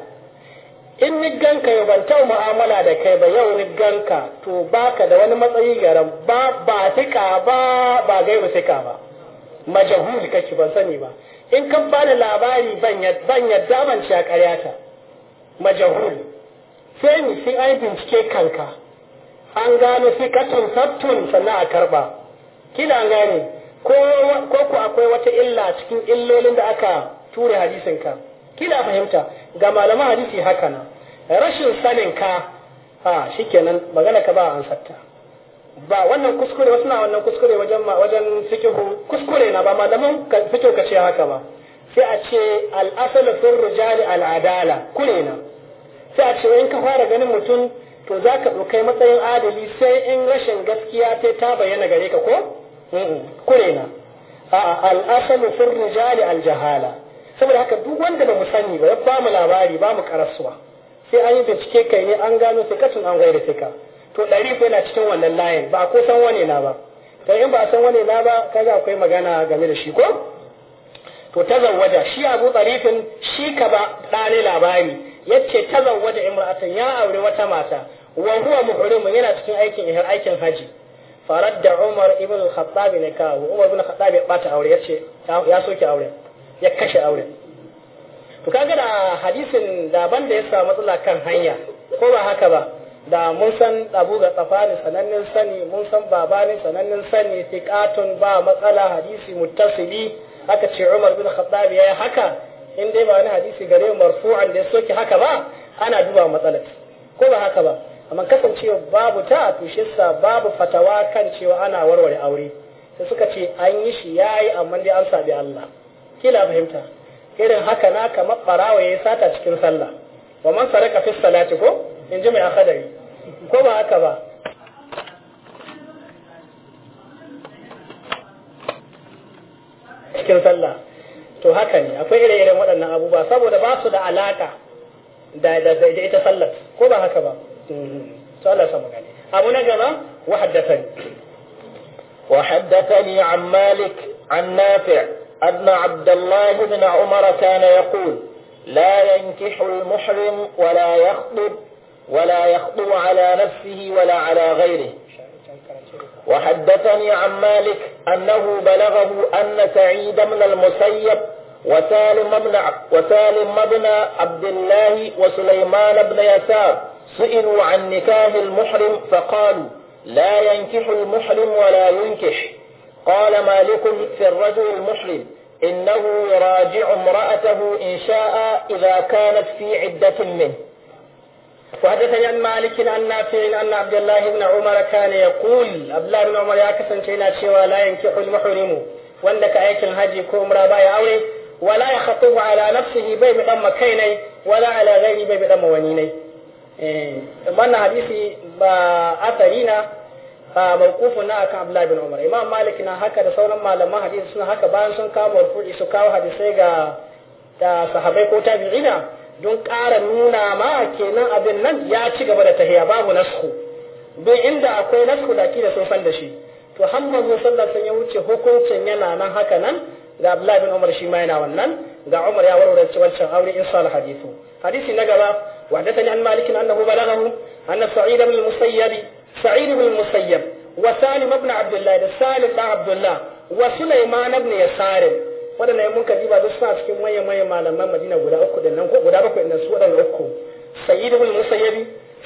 in ni ganka ya ban tau mu'amala da kai ba yau ni ganka to baka da wani matsayi garan ba ba tika ba ba gairu tika ba majahuli kake ban sani ba in kan bani labari ban yadda ban ci a ƙaryata majahuli sai mu sai ai bincike kanka an gano sikatun sabtun sannan a karba kina gane ko ko ku akwai wata illa cikin illolin da aka ture hadisin ka fahimta ga malaman hadisi haka na rashin sanin ka ha shikenan magana ka ba an satta ba wannan kuskure wasu na wannan kuskure wajen wajen fikihu kuskure na ba malaman fikihu ka ce haka ba sai a ce al-asalu fil rijali al-adala kure na sai a ce in ka fara ganin mutum to za ka ɗaukai matsayin adali sai in rashin gaskiya ta ta bayyana gare ka ko kure na a'a al'asalu furni jali aljahala saboda haka duk wanda ba mu sani ba ya ba mu labari ba mu karasuwa sai an yi bincike kai ne an gano sai an gaira sai ka to ɗari ko yana cikin wannan layin ba ko san wane na ba to in ba san wane na ba kaga akwai magana game da shi ko to ta zawaja shi abu tsarifin shi ka ba ɗane labari yace da imra'atan ya aure wata mata wa huwa muhrimun yana cikin aikin aikin haji faradda Umar ibn al-Khattab ne ka Umar ibn al-Khattab ya bata aure yace ya soke aure ya kashe aure to kaga da hadisin da banda ya samu matsala kan hanya ko ba haka ba da mun san abu ga tsafani sanannen sani mun san babani sanannen sani tiqatun ba matsala hadisi muttasili aka ce Umar ibn al-Khattab yayi haka in dai ba wani hadisi gare mu marfu'an da ya soke haka ba ana duba matsalar ko ba haka ba amma kasancewa babu ta to shi babu fatawa kan cewa ana warware aure sai suka ce an yi shi yayi amma dai an sabi Allah kila fahimta irin haka na kamar barawa ya sata cikin sallah wa man saraka fi salati ko in ji mai akadari ko ba haka ba cikin sallah to haka ne akwai ire-iren waɗannan abubuwa saboda ba su da alaka da da da ita sallar ko ba haka ba to Allah samu gani abu na gaba wa haddathani wa haddathani an malik an nafi' أن عبد الله بن عمر كان يقول لا ينكح المحرم ولا يخطب ولا يخطب على نفسه ولا على غيره وحدثني عن مالك أنه بلغه أن سعيد بن المسيب وسالم بن وسالم بن عبد الله وسليمان بن يسار سئلوا عن نكاه المحرم فقالوا لا ينكح المحرم ولا ينكح قال مالك في الرجل المحرم إنه يراجع امرأته إن شاء إذا كانت في عدة منه وحدثني عن مالك عن نافع أن عبد الله بن عمر ya يقول عبد الله بن عمر يا كسن شينا شوى لا ينكح المحرم وندك أيك الهجي كوم راباي أوري ولا يخطب على نفسه بي بدم كيني ولا على غيره بي بدم hadisi ba na mawkufu na akan Umar Imam Malik na haka da sauran malaman hadisi suna haka bayan sun kama mawkufi su kawo hadisai ga da sahabai ko tabi'ina don ƙara nuna ma kenan abin nan ya ci gaba da tahiya babu nasku don inda akwai nasku da kila sun san da shi to har manzo sallallahu alaihi ya wuce hukuncin yana nan haka nan ga Abdullahi bin Umar shi ma yana wannan ga Umar ya warware cewa wancan aure in sal hadithu hadisi na gaba وحدثني عن مالك أنه بلغه أن سعيد بن المسيب سعيد بن wa salim ibn abdullah da salim da abdullah wa sulaiman ibn waɗanda mun ka ba duk suna cikin manyan manyan malaman madina guda uku din nan ko guda bakwai din su waɗanda uku sayyid ibn musayyibi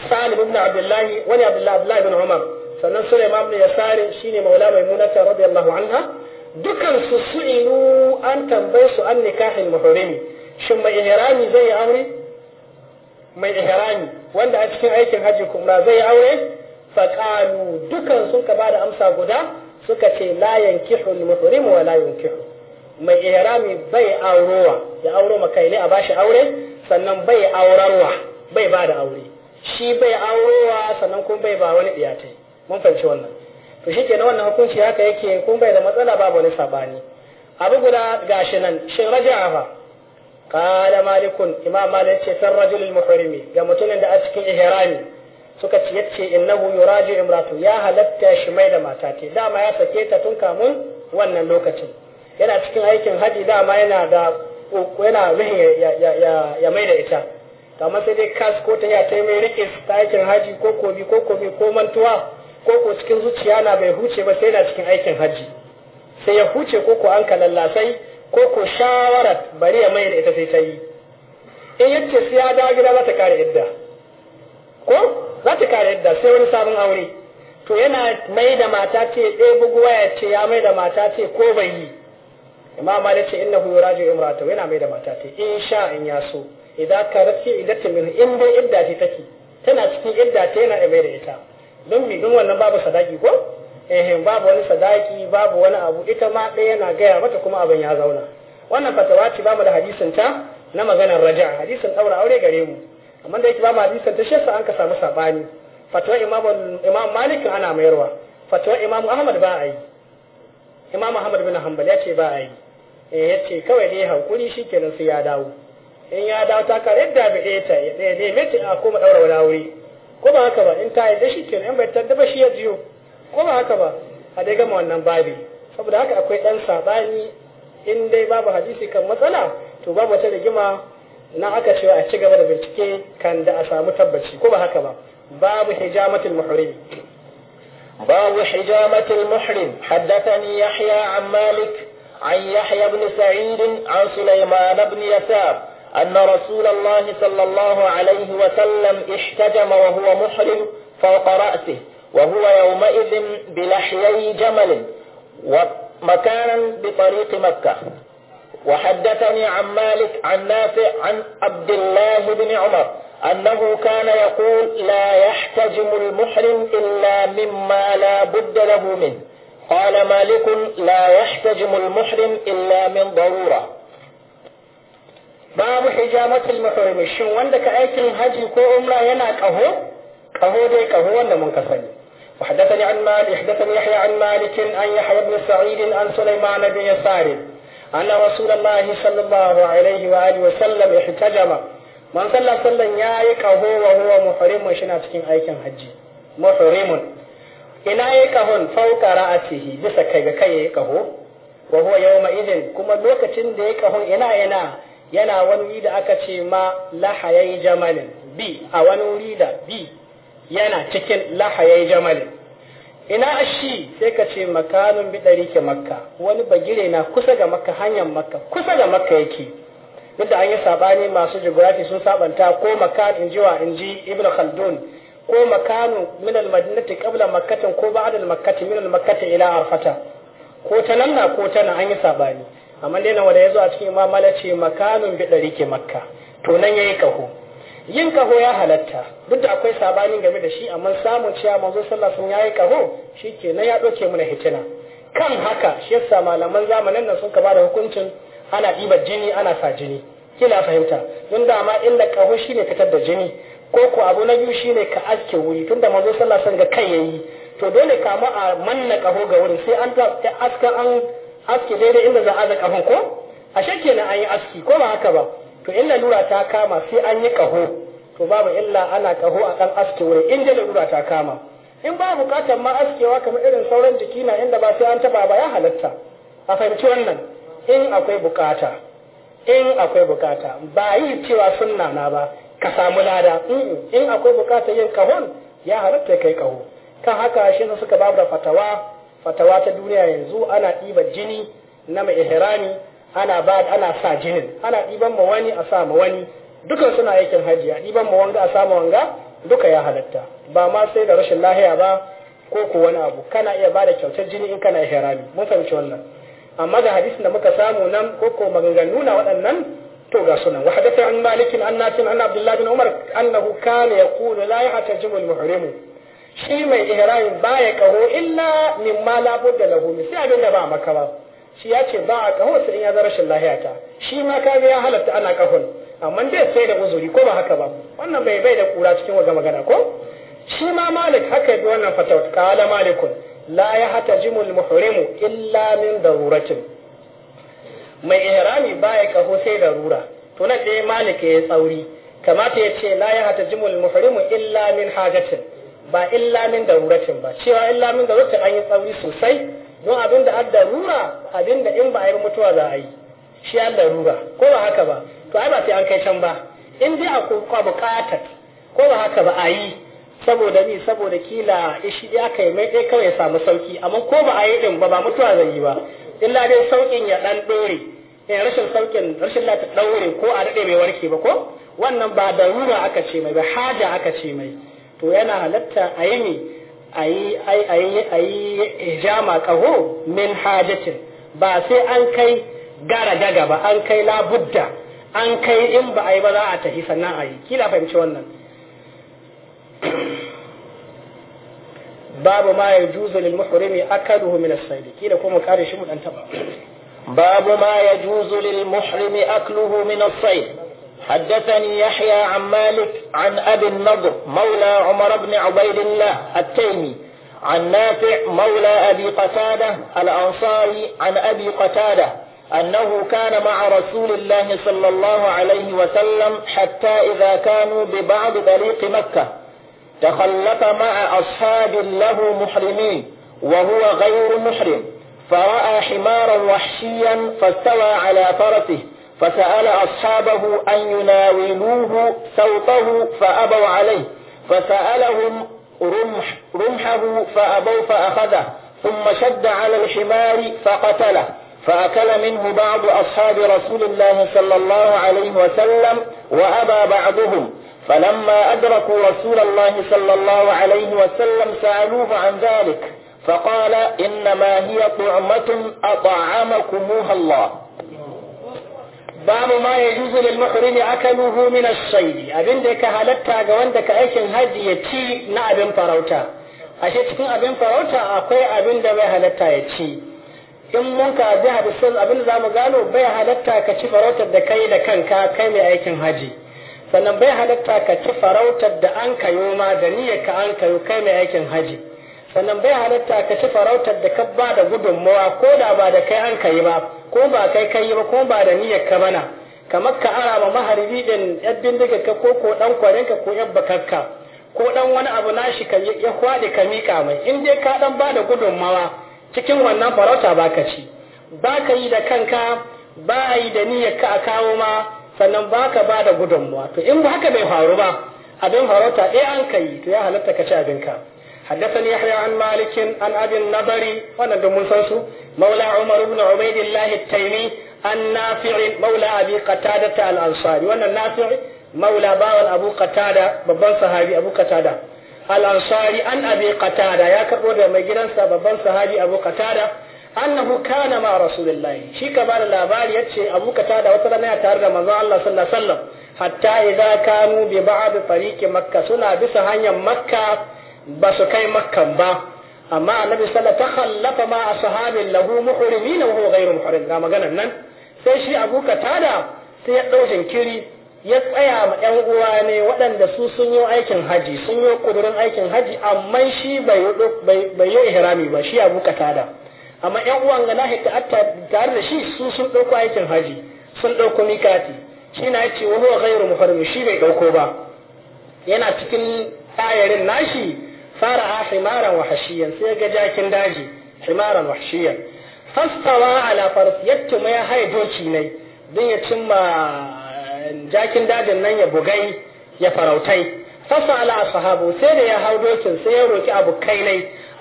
salim ibn abdullahi wani abdullahi abdullahi ibn umar sannan sulaiman ibn yasari shine maula maimunata radiyallahu anha dukan su su'ilu an tambaye su an nikahin muhrimi shin mai ihrami zai yi aure mai ihrami wanda a cikin aikin hajji kuma zai yi aure faqalu dukan sun ka bada amsa guda suka ce la yankihu al-muhrim wa la yankihu mai ihrami bai aurowa ya auro maka ne a bashi aure sannan bai aurarwa bai ba da aure shi bai aurowa sannan kuma bai ba wani iyatai mun fahimci wannan to shi kenan wannan hukunci haka yake kun bai da matsala babu wani sabani abu guda gashi nan shin raja'a fa qala malikun imam malik ce san rajul muhrimi ga mutumin da a cikin ihrami suka ce yace innahu yuraji imratu ya halatta shi mai da mata ce dama ya sake ta tun kamun wannan lokacin yana cikin aikin haji dama yana da yana ruhin ya mai da ita kamar sai dai kas ko ta ya ta mai rike ta aikin haji ko kobi ko kobi ko mantuwa ko ko cikin zuciya na bai huce ba sai na cikin aikin haji sai ya huce ko ko an kalallasai ko ko shawarar bari ya mai da ita sai ta yi in yace sai ya dawo gida za ta kare idda ko za ta kare idda sai wani sabon aure to yana mai da mata ce ɗaya buguwa ya ce ya mai da mata ce ko bai yi imam malik ce hu yuraji imrata yana mai da mata ta in sha in ya so idan ka rafi idatta min in dai idda ce take tana cikin idda ta yana mai da ita don mi din wannan babu sadaki ko eh babu wani sadaki babu wani abu ita ma ɗaya yana gaya mata kuma abin ya zauna wannan fatawa ce ba mu da hadisin ta na maganar raja hadisin daura aure gare mu amma da yake ba mu hadisin ta shesa an ka samu sabani fatawa imam imam malik ana mayarwa fatawa imam ahmad ba a yi imam ahmad bin hanbal ya ce ba a yi eh ce kawai ne hankuri shikenan sai ya dawo in ya dawo ta kare da bi ɗaya ta ya ɗaya ne ta a koma ɗaura wani aure ko ba haka ba in ta yarda shi kenan in bai ta ba shi ya jiyo ko ba haka ba a dai gama wannan babi saboda haka akwai ɗan saɓani in dai babu hadisi kan matsala to babu wata rigima na aka cewa a ci gaba da bincike kan da a samu tabbaci ko ba haka ba babu hijamatul muhrim babu hijamatul muhrim haddathani yahya an malik عن يحيى بن سعيد عن سليمان بن يسار أن رسول الله صلى الله عليه وسلم احتجم وهو محرم فوق رأسه وهو يومئذ بلحيي جمل ومكانا بطريق مكة وحدثني عن مالك عن نافع عن عبد الله بن عمر أنه كان يقول لا يحتجم المحرم إلا مما لا بد له منه قال مالك لا يحتجم المحرم إلا من ضرورة باب حجامة المحرم shin عندك أيك aikin كوم لا umra أهو كهو kaho أهو kaho من mun وحدثني عن مالك حدثني يحيى عن مالك أن يحيى بن سعيد أن سليمان بن يسار أن رسول الله صلى الله عليه وآله وسلم احتجم من صلى صلى يا كهو وهو محرم شنا cikin aikin haji محرم ina ya kahon fauka ra'atihi bisa kai ga kai ya kaho wa huwa yawma idin kuma lokacin da ya kahon ina yana yana wani wuri da aka ce ma lahayai jamalin bi a wani wuri da bi yana cikin lahayai jamalin ina ashi sai ka ce makanun bi ke makka wani bagire na kusa ga makka hanyar makka kusa ga makka yake duk da an yi sabani masu jigurati sun sabanta ko makan injiwa inji ibn khaldun ko makanu min almadinati qabla makkatin ko ba'da almakkati min almakkati ila arfata ko ta nan na ko ta nan an yi sabani amma dai nan wanda yazo a cikin imam ce makanun bi ke makka to nan yayi kaho yin kaho ya halatta duk da akwai sabani game da shi amma samun cewa manzo sallallahu alaihi wasallam yayi kaho na ya doke mu na hitina kan haka shi yasa malaman zamanin nan sun ba da hukuncin ana ɗibar jini ana sa jini kina fahimta don dama illa kaho shine fitar da jini ko ku abu na biyu shine ka aske wuri tunda manzo sallallahu alaihi wasallam kai yayi to dole ka ma a manna kaho ga wurin sai an ta aska an aske daidai inda za a za kafin ko ashe kenan an yi aski ko ba haka ba to in lura ta kama sai an yi kaho to babu illa ana kaho a kan aske wurin in da lura ta kama in ba bukatar ma askewa kamar irin sauran jiki na inda ba sai an taba ba ya halatta a fahimci wannan in akwai bukata in akwai bukata ba yi cewa sunna na ba ka samu lada in akwai bukatar yin kahon ya halatta kai kaho kan haka shi suka babu da fatawa fatawa ta duniya yanzu ana ɗiba jini na mai ihrami ana ba ana sa jinin ana ɗiban ma wani a sa ma wani dukan suna aikin hajji a ɗiban ma wanga a sa ma wanga duka ya halatta ba ma sai da rashin lahiya ba ko ko wani abu kana iya ba da kyautar jini in kana ihrami mun fahimci wannan amma da hadisin da muka samu nan ko ko maganganu na waɗannan to ga sunan wa hadatha an malik an nafi an abdullah bin umar annahu kana yaqulu la yahtajibu al-muhrim shi mai ihramin baya kaho illa mimma la budda lahu sai abin da ba maka ba shi ya ce ba a kaho sai ya zara rashin lahiya ta shi ma kaga ya halatta ana kahon amma dai sai da uzuri ko ba haka ba wannan bai bai da kura cikin waga magana ko shi ma malik haka bi wannan fatawa kala malikun la yahtajimu al-muhrim illa min daruratin mai ihrami baya kaho sai da rura to nan dai malik ya tsauri kamata ya ce la ya hata jimul muhrimu illa min hajatin ba illa min daruratin ba cewa illa min daruratin an yi tsauri sosai don abin da adda rura abin da in ba a yi mutuwa za a yi shi an da ko ba haka ba to ai ba sai an kai can ba in dai a kuka bukatar ko ba haka ba a yi saboda ni saboda kila ishi ya kai mai dai kawai ya samu sauki amma ko ba a yi din ba ba mutuwa zai yi ba illa dai saukin ya dan dore eh rashin saukin rashin la ta daure ko a dade bai warke ba ko wannan ba da rura aka ce mai ba haja aka ce mai to yana halatta a yi ne a yi a yi a yi kaho min hajatin ba sai an kai gara daga ba an kai labudda an kai in ba a yi ba za a tafi sannan a yi kila fahimci wannan باب ما يجوز للمحرم أكله من الصيد min as-sayd من ko باب ما يجوز للمحرم أكله من الصيد حدثني يحيى عن مالك عن أبي النضر مولى عمر بن عبيد الله التيمي عن نافع مولى أبي قتادة الأنصاري عن أبي قتادة أنه كان مع رسول الله صلى الله عليه وسلم حتى إذا كانوا ببعض طريق مكة تخلف مع أصحاب له محرمين وهو غير محرم فرأى حمارا وحشيا فاستوى على فرسه فسأل أصحابه أن يناولوه سوطه فأبوا عليه فسألهم رمح رمحه فأبوا فأخذه ثم شد على الحمار فقتله فأكل منه بعض أصحاب رسول الله صلى الله عليه وسلم وأبى بعضهم فلما أدركوا رسول الله صلى الله عليه وسلم سألوه عن ذلك فقال إنما هي طعمة أطعمكموها الله باب ما يجوز للمحرم أكله من الصيد أبين دك هلتا جوان دك أيكن هذه يتي نأبين فروتا ashe cikin abin farauta akwai abin da bai halatta ya ci in mun ka ji hadisin abin da zamu gano bai halatta ka ci farautar da kai da kanka kai mai aikin haji sannan bai halitta ka ci farautar da an kayo ma da niyyar ka an kayo kai mai aikin haji sannan bai halitta ka ci farautar da ka ba da gudunmawa ko da ba da kai an kayi ba ko ba kai kai ba ko ba da niyyar ka bana kamar ka ara ma maharibi din yan bindiga ka ko ko dan ka ko yan bakakka ko dan wani abu nashi ka ya kwade ka mika mai in dai ka dan ba da gudunmawa cikin wannan farauta baka ci ba yi da kanka ba yi da niyyar ka a kawo ma sannan ba ka ba da gudunmuwa to in ba haka bai faru ba abin farauta ɗaya an kai to ya halatta ka ci abinka حدثني يحيى عن مالك عن ابي النضر وانا منصوص مولى عمر بن عبيد الله التيمي النافع مولى ابي قتادة الانصاري وانا النافع مولى باول ابو قتادة ببن صحابي ابو قتادة الانصاري عن ابي قتادة يا كبود ما جيران ببن صحابي ابو قتادة annahu kana ma rasulillahi shi ka bada labari yace abu katada tada wata rana tare da manzon Allah sallallahu alaihi wasallam hatta idza kanu bi ba'd tariqi makka suna bisa hanyar makka ba su kai makkan ba amma annabi sallallahu alaihi wasallam takhallafa ma ashabin lahu muhrimin wa huwa ghayru muhrim ga maganar nan sai shi abu ka sai ya dau jinkiri ya tsaya ma ƴan uwa ne waɗanda su sun yi aikin haji sun yi kudurin aikin haji amma shi bai yi ihrami ba shi abu katada amma yan uwan ga nahi ta atta tare da shi su sun ɗauko aikin haji sun ɗauko mikati shi na yace wa huwa ghayru muharrim shi bai ɗauko ba yana cikin ayarin nashi fara a himaran wa hashiyan sai ga jakin daji himaran wa hashiyan fastawa ala yadda ma ya haye doki ne don ya cimma eh, jakin dajin nan ya bugai ya farautai fasa ala sahabu sai da ya hau dokin sai ya roki kai ne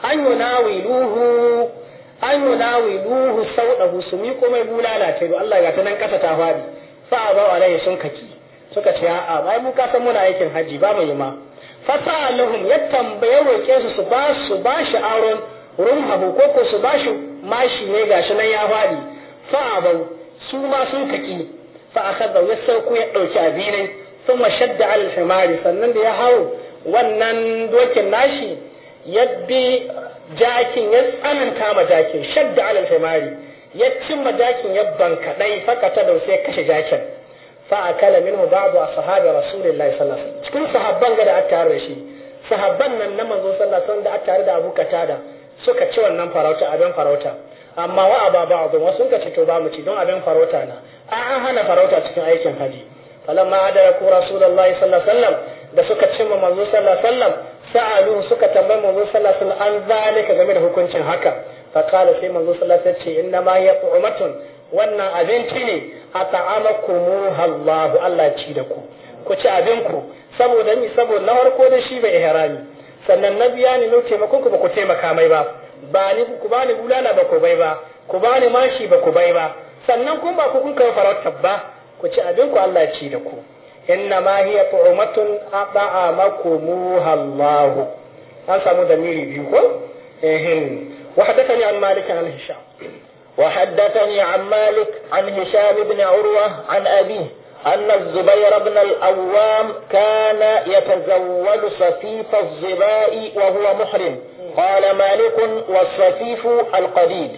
an yi nawiluhu an lawi duhu sauɗa su mi komai bulala ce Allah ga ta nan kasa ta fadi fa aba alai sun kaki suka ce a'a bai mun kasan muna aikin haji ba mu yi ma fa ya tambaye roƙe su su ba su ba shi aron rumhahu ko ko su ba shi mashi ne gashi nan ya fadi fa abau su ma sun kaki fa akhadha ya sauko ya ɗauki abinai sun shadda al sannan da ya hau wannan dokin nashi ya bi. jakin ya tsananta ma jakin shadda alal himari ya cimma jakin ya bankaɗai fakata da sai kashe jakin fa akala minhu ba'du ashabi rasulillahi sallallahu alaihi wasallam cikin sahabban ga da aka tare da shi sahabban nan na manzo sallallahu alaihi wasallam da aka tare da Abu Katada suka ci wannan farauta abin farauta amma wa aba ba'dhu wasu ka ci to ba mu ci don abin farauta na an hana farauta cikin aikin haji falamma adara ku rasulullahi sallallahu alaihi wasallam da suka cimma manzo sallallahu alaihi wasallam sa'alu suka tambayi manzo sallallahu alaihi an zalika game da hukuncin haka fa qala sai manzo sallallahu alaihi wasallam na inna ma matun wannan abinci ne a at'amakum Allah Allah ci da ku ku ci abin ku saboda ni saboda na farko da shi bai ihrami sannan na biya ni no taimakon ba ku taimaka mai ba ba ni ku ba ni bulala ba ku bai ba ku ba ni mashi ba ku bai ba sannan kun ba ku kun kai farautar ba ku ci abin ku Allah ci da ku إنما هي طعمة أطعمكموها الله أنسى مدميري إهن وحدثني عن مالك عن هشام وحدثني عن مالك عن هشام بن عروة عن أبيه أن الزبير بن الأوام كان يتزول صفيف الظباء وهو محرم قال مالك والصفيف القديد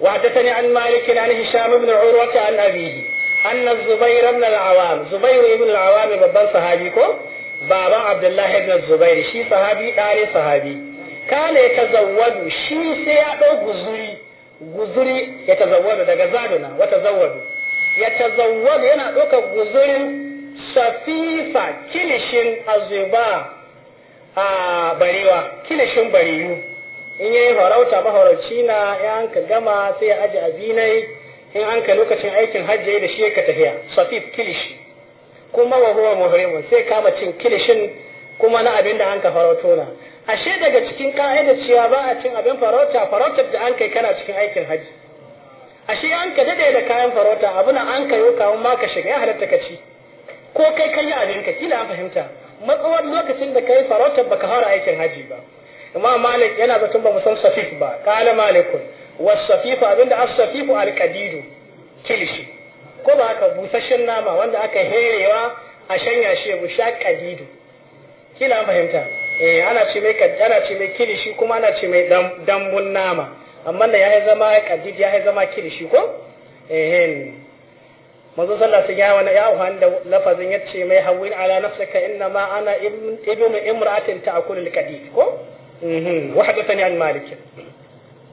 وحدثني عن مالك عن هشام بن عروة عن أبيه anna zubair ibn al-awam zubair ibn al-awam babban sahabi ko baban abdullahi ibn zubair shi sahabi dare sahabi kana ya tazawwadu shi sai ya dau guzuri guzuri ya tazawwadu daga zaduna wa tazawwadu ya tazawwadu yana ɗaukar guzurin safifa kilishin azuba a barewa kilishin barewu. in yayi farauta maharauci na ya ka gama sai ya aji abinai in an ka lokacin aikin hajji da shi ka tafiya safif kilishi kuma wa huwa muhrimun sai kama cin kilishin kuma na abin da an ka farauto na ashe daga cikin ka'ida cewa ba a cin abin farauta farautar da an kai kana cikin aikin hajji ashe an ka dade da kayan farauta abuna an ka kawun ma ka shiga ya halatta ka ci ko kai kai yi abin ka kila an fahimta matsawar lokacin da kai farautar baka fara aikin hajji ba amma malik yana zaton ba mu san safif ba kala malikun wasafifu abinda asafifu alkadidu kilishi ko ba haka busashen nama wanda aka herewa a shanya shi ya busha kadidu kila fahimta eh ana ce mai ana ce mai kilishi kuma ana ce mai dambun nama amma da ya zama kadidu ya zama kilishi ko eh manzo sallallahu alaihi wasallam ya wani da lafazin yace mai hawin ala nafsaka inna ma ana ibnu imra'atin ta'kulul kadid ko mhm wa an malikin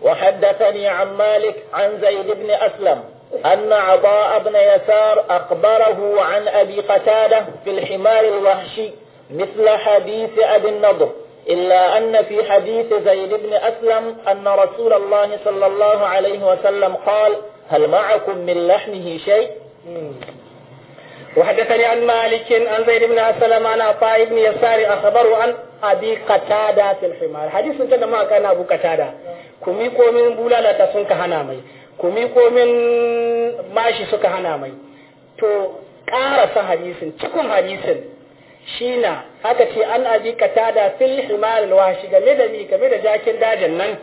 وحدثني عن مالك عن زيد بن أسلم أن عطاء بن يسار أخبره عن أبي قتادة في الحمار الوحشي مثل حديث أبي النضر إلا أن في حديث زيد بن أسلم أن رسول الله صلى الله عليه وسلم قال هل معكم من لحمه شيء؟ وحدثني عن مالك عن زيد بن أسلم عن عطاء بن يسار أخبره عن أبي قتادة في الحمار حديث كان ما كان أبو قتادة ku mi bulala bulalata sun ka hana mai ku komin mashi suka hana mai to ƙarasa hadisin cikin hadisin shina aka ce an abi da fil himal washi game da ni game da jakin dajin nan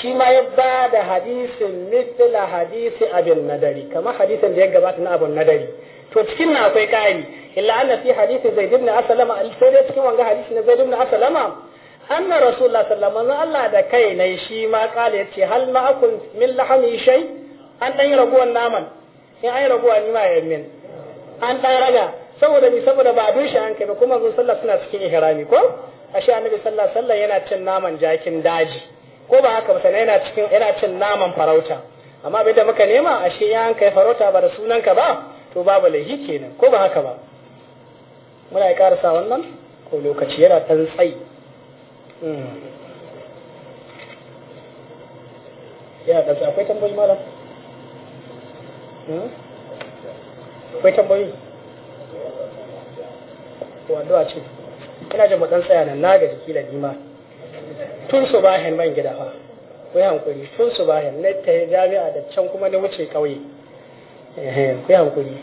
shi ma ya ba da hadisin mithla hadisi abin nadari kama hadisin da ya gabata na abin nadari to cikin na akwai kari illa anna fi hadisi zaid ibn aslama sai dai cikin wanga hadisi na zaid ibn aslama anna rasulullah sallallahu alaihi Allah da kai ne shi ma kale yace hal ma akun min lahmi shay an dan yi raguwan naman in ai raguwa ni ma ya min an dan raga saboda ni saboda ba abin shi an kai ba kuma zun sallah suna cikin ihrami ko ashe annabi sallallahu alaihi wasallam yana cin naman jakin daji ko ba haka ba sai yana cikin yana cin naman farauta amma bai da muka nema ashe ya an kai farauta ba da sunanka ba to babu lahi kenan ko ba haka ba muna ya karasa wannan ko lokaci yana ɗan tsayi Mm. ya su akwai tambayi mara hmm? akwai tambayi Wadda ce ina jin matsan tsaya nan na ga jiki da nima tun su bayan man gida fa ku yi hankuri tun su bayan na ta jami'a da can kuma na wuce ƙauye ku yi hankuri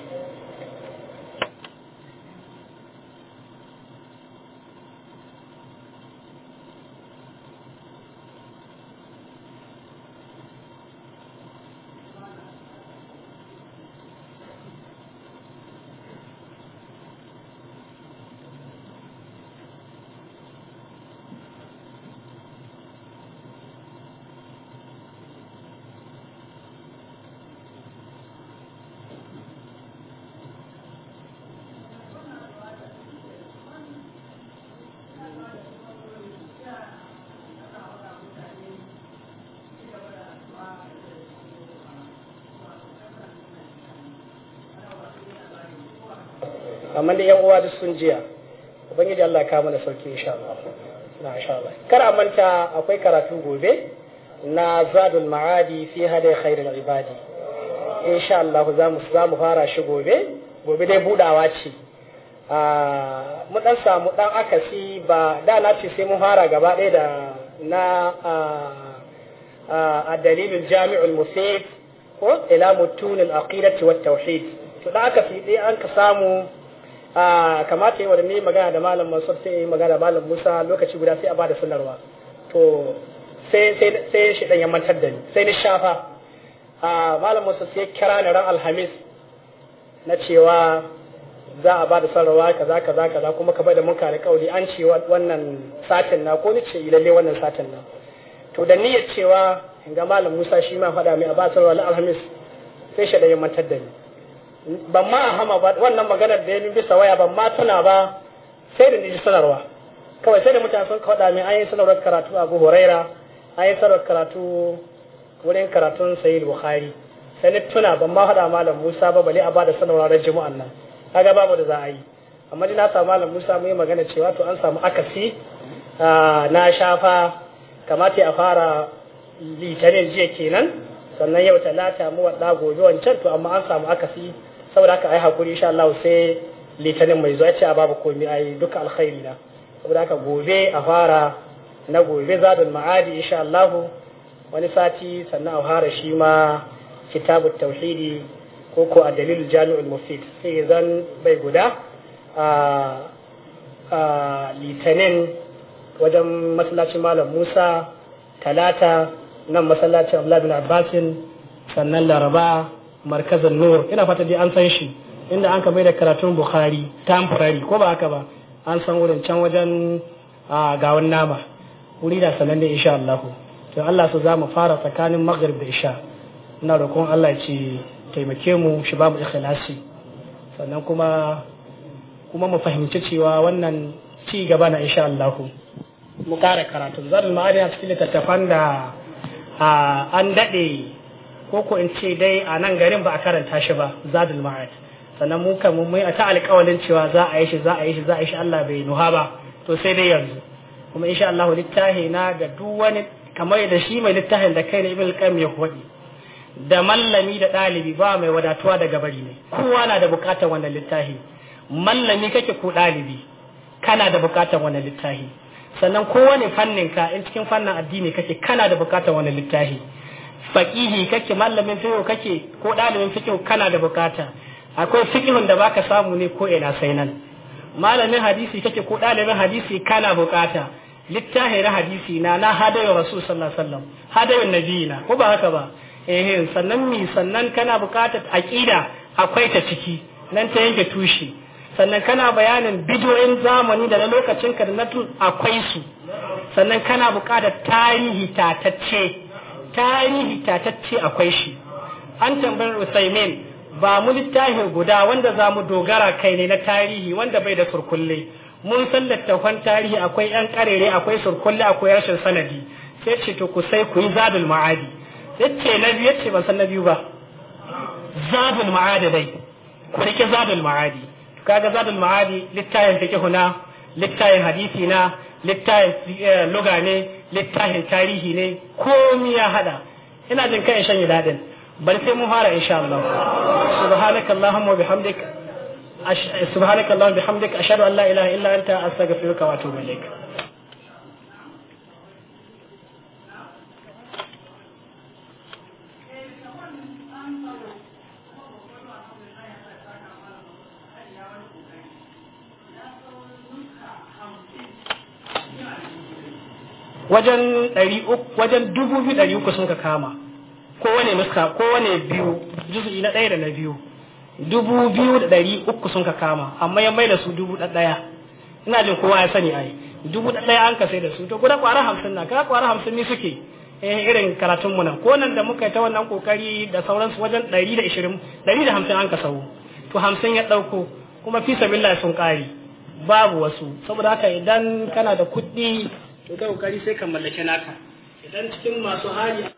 amma da yan uwa duk sun jiya ubangiji Allah ka mana sauki insha Allah na insha Allah kar a manta akwai karatu gobe na zadul ma'adi fi hada khairul ibadi insha Allah za mu za mu fara shi gobe gobe dai budawa ce a ah, mu dan samu dan akasi ba da na ce sai mu fara gaba ɗaya da na ah, ah, a dalilin jami'ul musayid ko ila mutunul aqidati wat tauhid to da aka fi dai an ka samu a kamata yau da mai magana da malam masu sai yi magana da malam musa lokaci guda sai a bada sanarwa to sai sai sai shi dan ya mantar da ni sai ni shafa a malam Musa sai kira na ran alhamis na cewa za a bada sanarwa kaza kaza kaza kuma ka bada mun da kauli an ce wannan satin na ko ni ce ilalle wannan satin na to da niyyar cewa in ga malam musa shi ma faɗa mai a ba sanarwa alhamis sai shi dan ya mantar da ni ban ma a hama ba wannan maganar da ya min bisa waya ban ma tuna ba sai da niji sanarwa kawai sai da mutane sun kawada min an yi sanarwar karatu a huraira an yi sanarwar karatu wurin karatun sayi Buhari sai ni tuna ban ma haɗa malam musa ba bale a ba da sanarwa ran juma'an nan kaga babu da za a yi amma dai na samu malam musa mu yi magana cewa to an samu akasi na shafa kamata a fara litinin jiya kenan sannan yau talata mu wadda gobe wancan to amma an samu akasi saboda haka ai hakuri insha Allah sai litinin mai zuwa ce a babu komai ai duka alkhairi na saboda haka gobe a fara na gobe zadul ma'adi insha Allah wani sati sannan a fara shi ma kitabut tauhidi ko ko a jami'ul mufid sai zan bai guda a litinin wajen masallacin malam Musa talata nan masallacin Abdullahi bin Abbasin sannan Laraba markazan nur ina fata dai an san shi inda an ka mai da karatun bukhari temporary ko ba haka ba an san wurin can wajen a gawan nama wuri da sanan da insha Allah to Allah su za mu fara tsakanin maghrib da isha ina roƙon Allah ce taimake mu shi ba mu ikhlasi sannan kuma kuma mu fahimci cewa wannan ci gaba na insha Allah mu kare karatu zan ma'ani a cikin littattafan da an daɗe ko ko in ce dai a nan garin ba a karanta shi ba zadul ma'ad sannan mu kan mun yi ta alƙawalin cewa za a yi shi za a yi shi za a yi shi Allah bai nuha ba to sai dai yanzu kuma insha Allah littahi na ga duk wani kamar da shi mai littafin da kai ne ibn al-qayyim ya kwadi da mallami da dalibi ba mai wadatuwa daga bari ne kowa na da bukatar wannan littafi mallami kake ko ɗalibi kana da bukatar wannan littafi sannan kowane fannin ka in cikin fannin addini kake kana da bukatar wannan littafi faƙihi kake mallamin fiqh kake ko ɗalibin fiqh kana da bukata akwai fiƙihun da baka samu ne ko ina sai nan malamin hadisi kake ko ɗalibin hadisi kana bukata littahin hadisi na na hadayin rasul sallallahu alaihi wasallam hadayin nabiyina ko ba haka ba eh sannan mi sannan kana bukatar aqida akwai ta ciki nan ta yanke tushe sannan kana bayanin bidiyoyin zamani da na lokacin ka da na akwai su sannan kana bukatar tarihi tatacce tarihi tatacce akwai shi an tambayar Usaimin ba mu littafin guda wanda za mu dogara kai ne na tarihi wanda bai da surkulle mun san littafan tarihi akwai yan karere akwai surkulle akwai rashin sanadi sai ce to ku sai ku yi zadul ma'adi yace na biyu yace ban san na biyu ba zadul ma'adi dai ku rike zadul ma'adi kaga zadul ma'adi littafin fiqh na littafin hadisi na littafin eh, lugane littafin tarihi ne komi ya hada ina jin kan shanye yadadin bari sai mun fara insha Allah subhanaka allahumma bihamdik subhanaka allahumma bihamdik ashhadu an la ilaha illa anta astaghfiruka wa atubu ilaik wajen ɗari uku wajen dubu biyu ɗari uku sun ka kama miska muska wane biyu jisu na ɗaya da na biyu dubu biyu da ɗari uku sun ka kama amma ya mai da su dubu ɗaya ina jin kowa ya sani ai dubu ɗaya an ka sai da su to guda ƙwara hamsin na kaga ƙwara hamsin ni suke eh irin karatun mu nan ko nan da muka yi ta wannan kokari da sauransu wajen ɗari da ishirin ɗari da hamsin an ka sau to hamsin ya ɗauko kuma fi sabilillah sun ƙari babu wasu saboda haka idan kana da kuɗi to kai kokari sai ka mallake naka idan cikin masu hali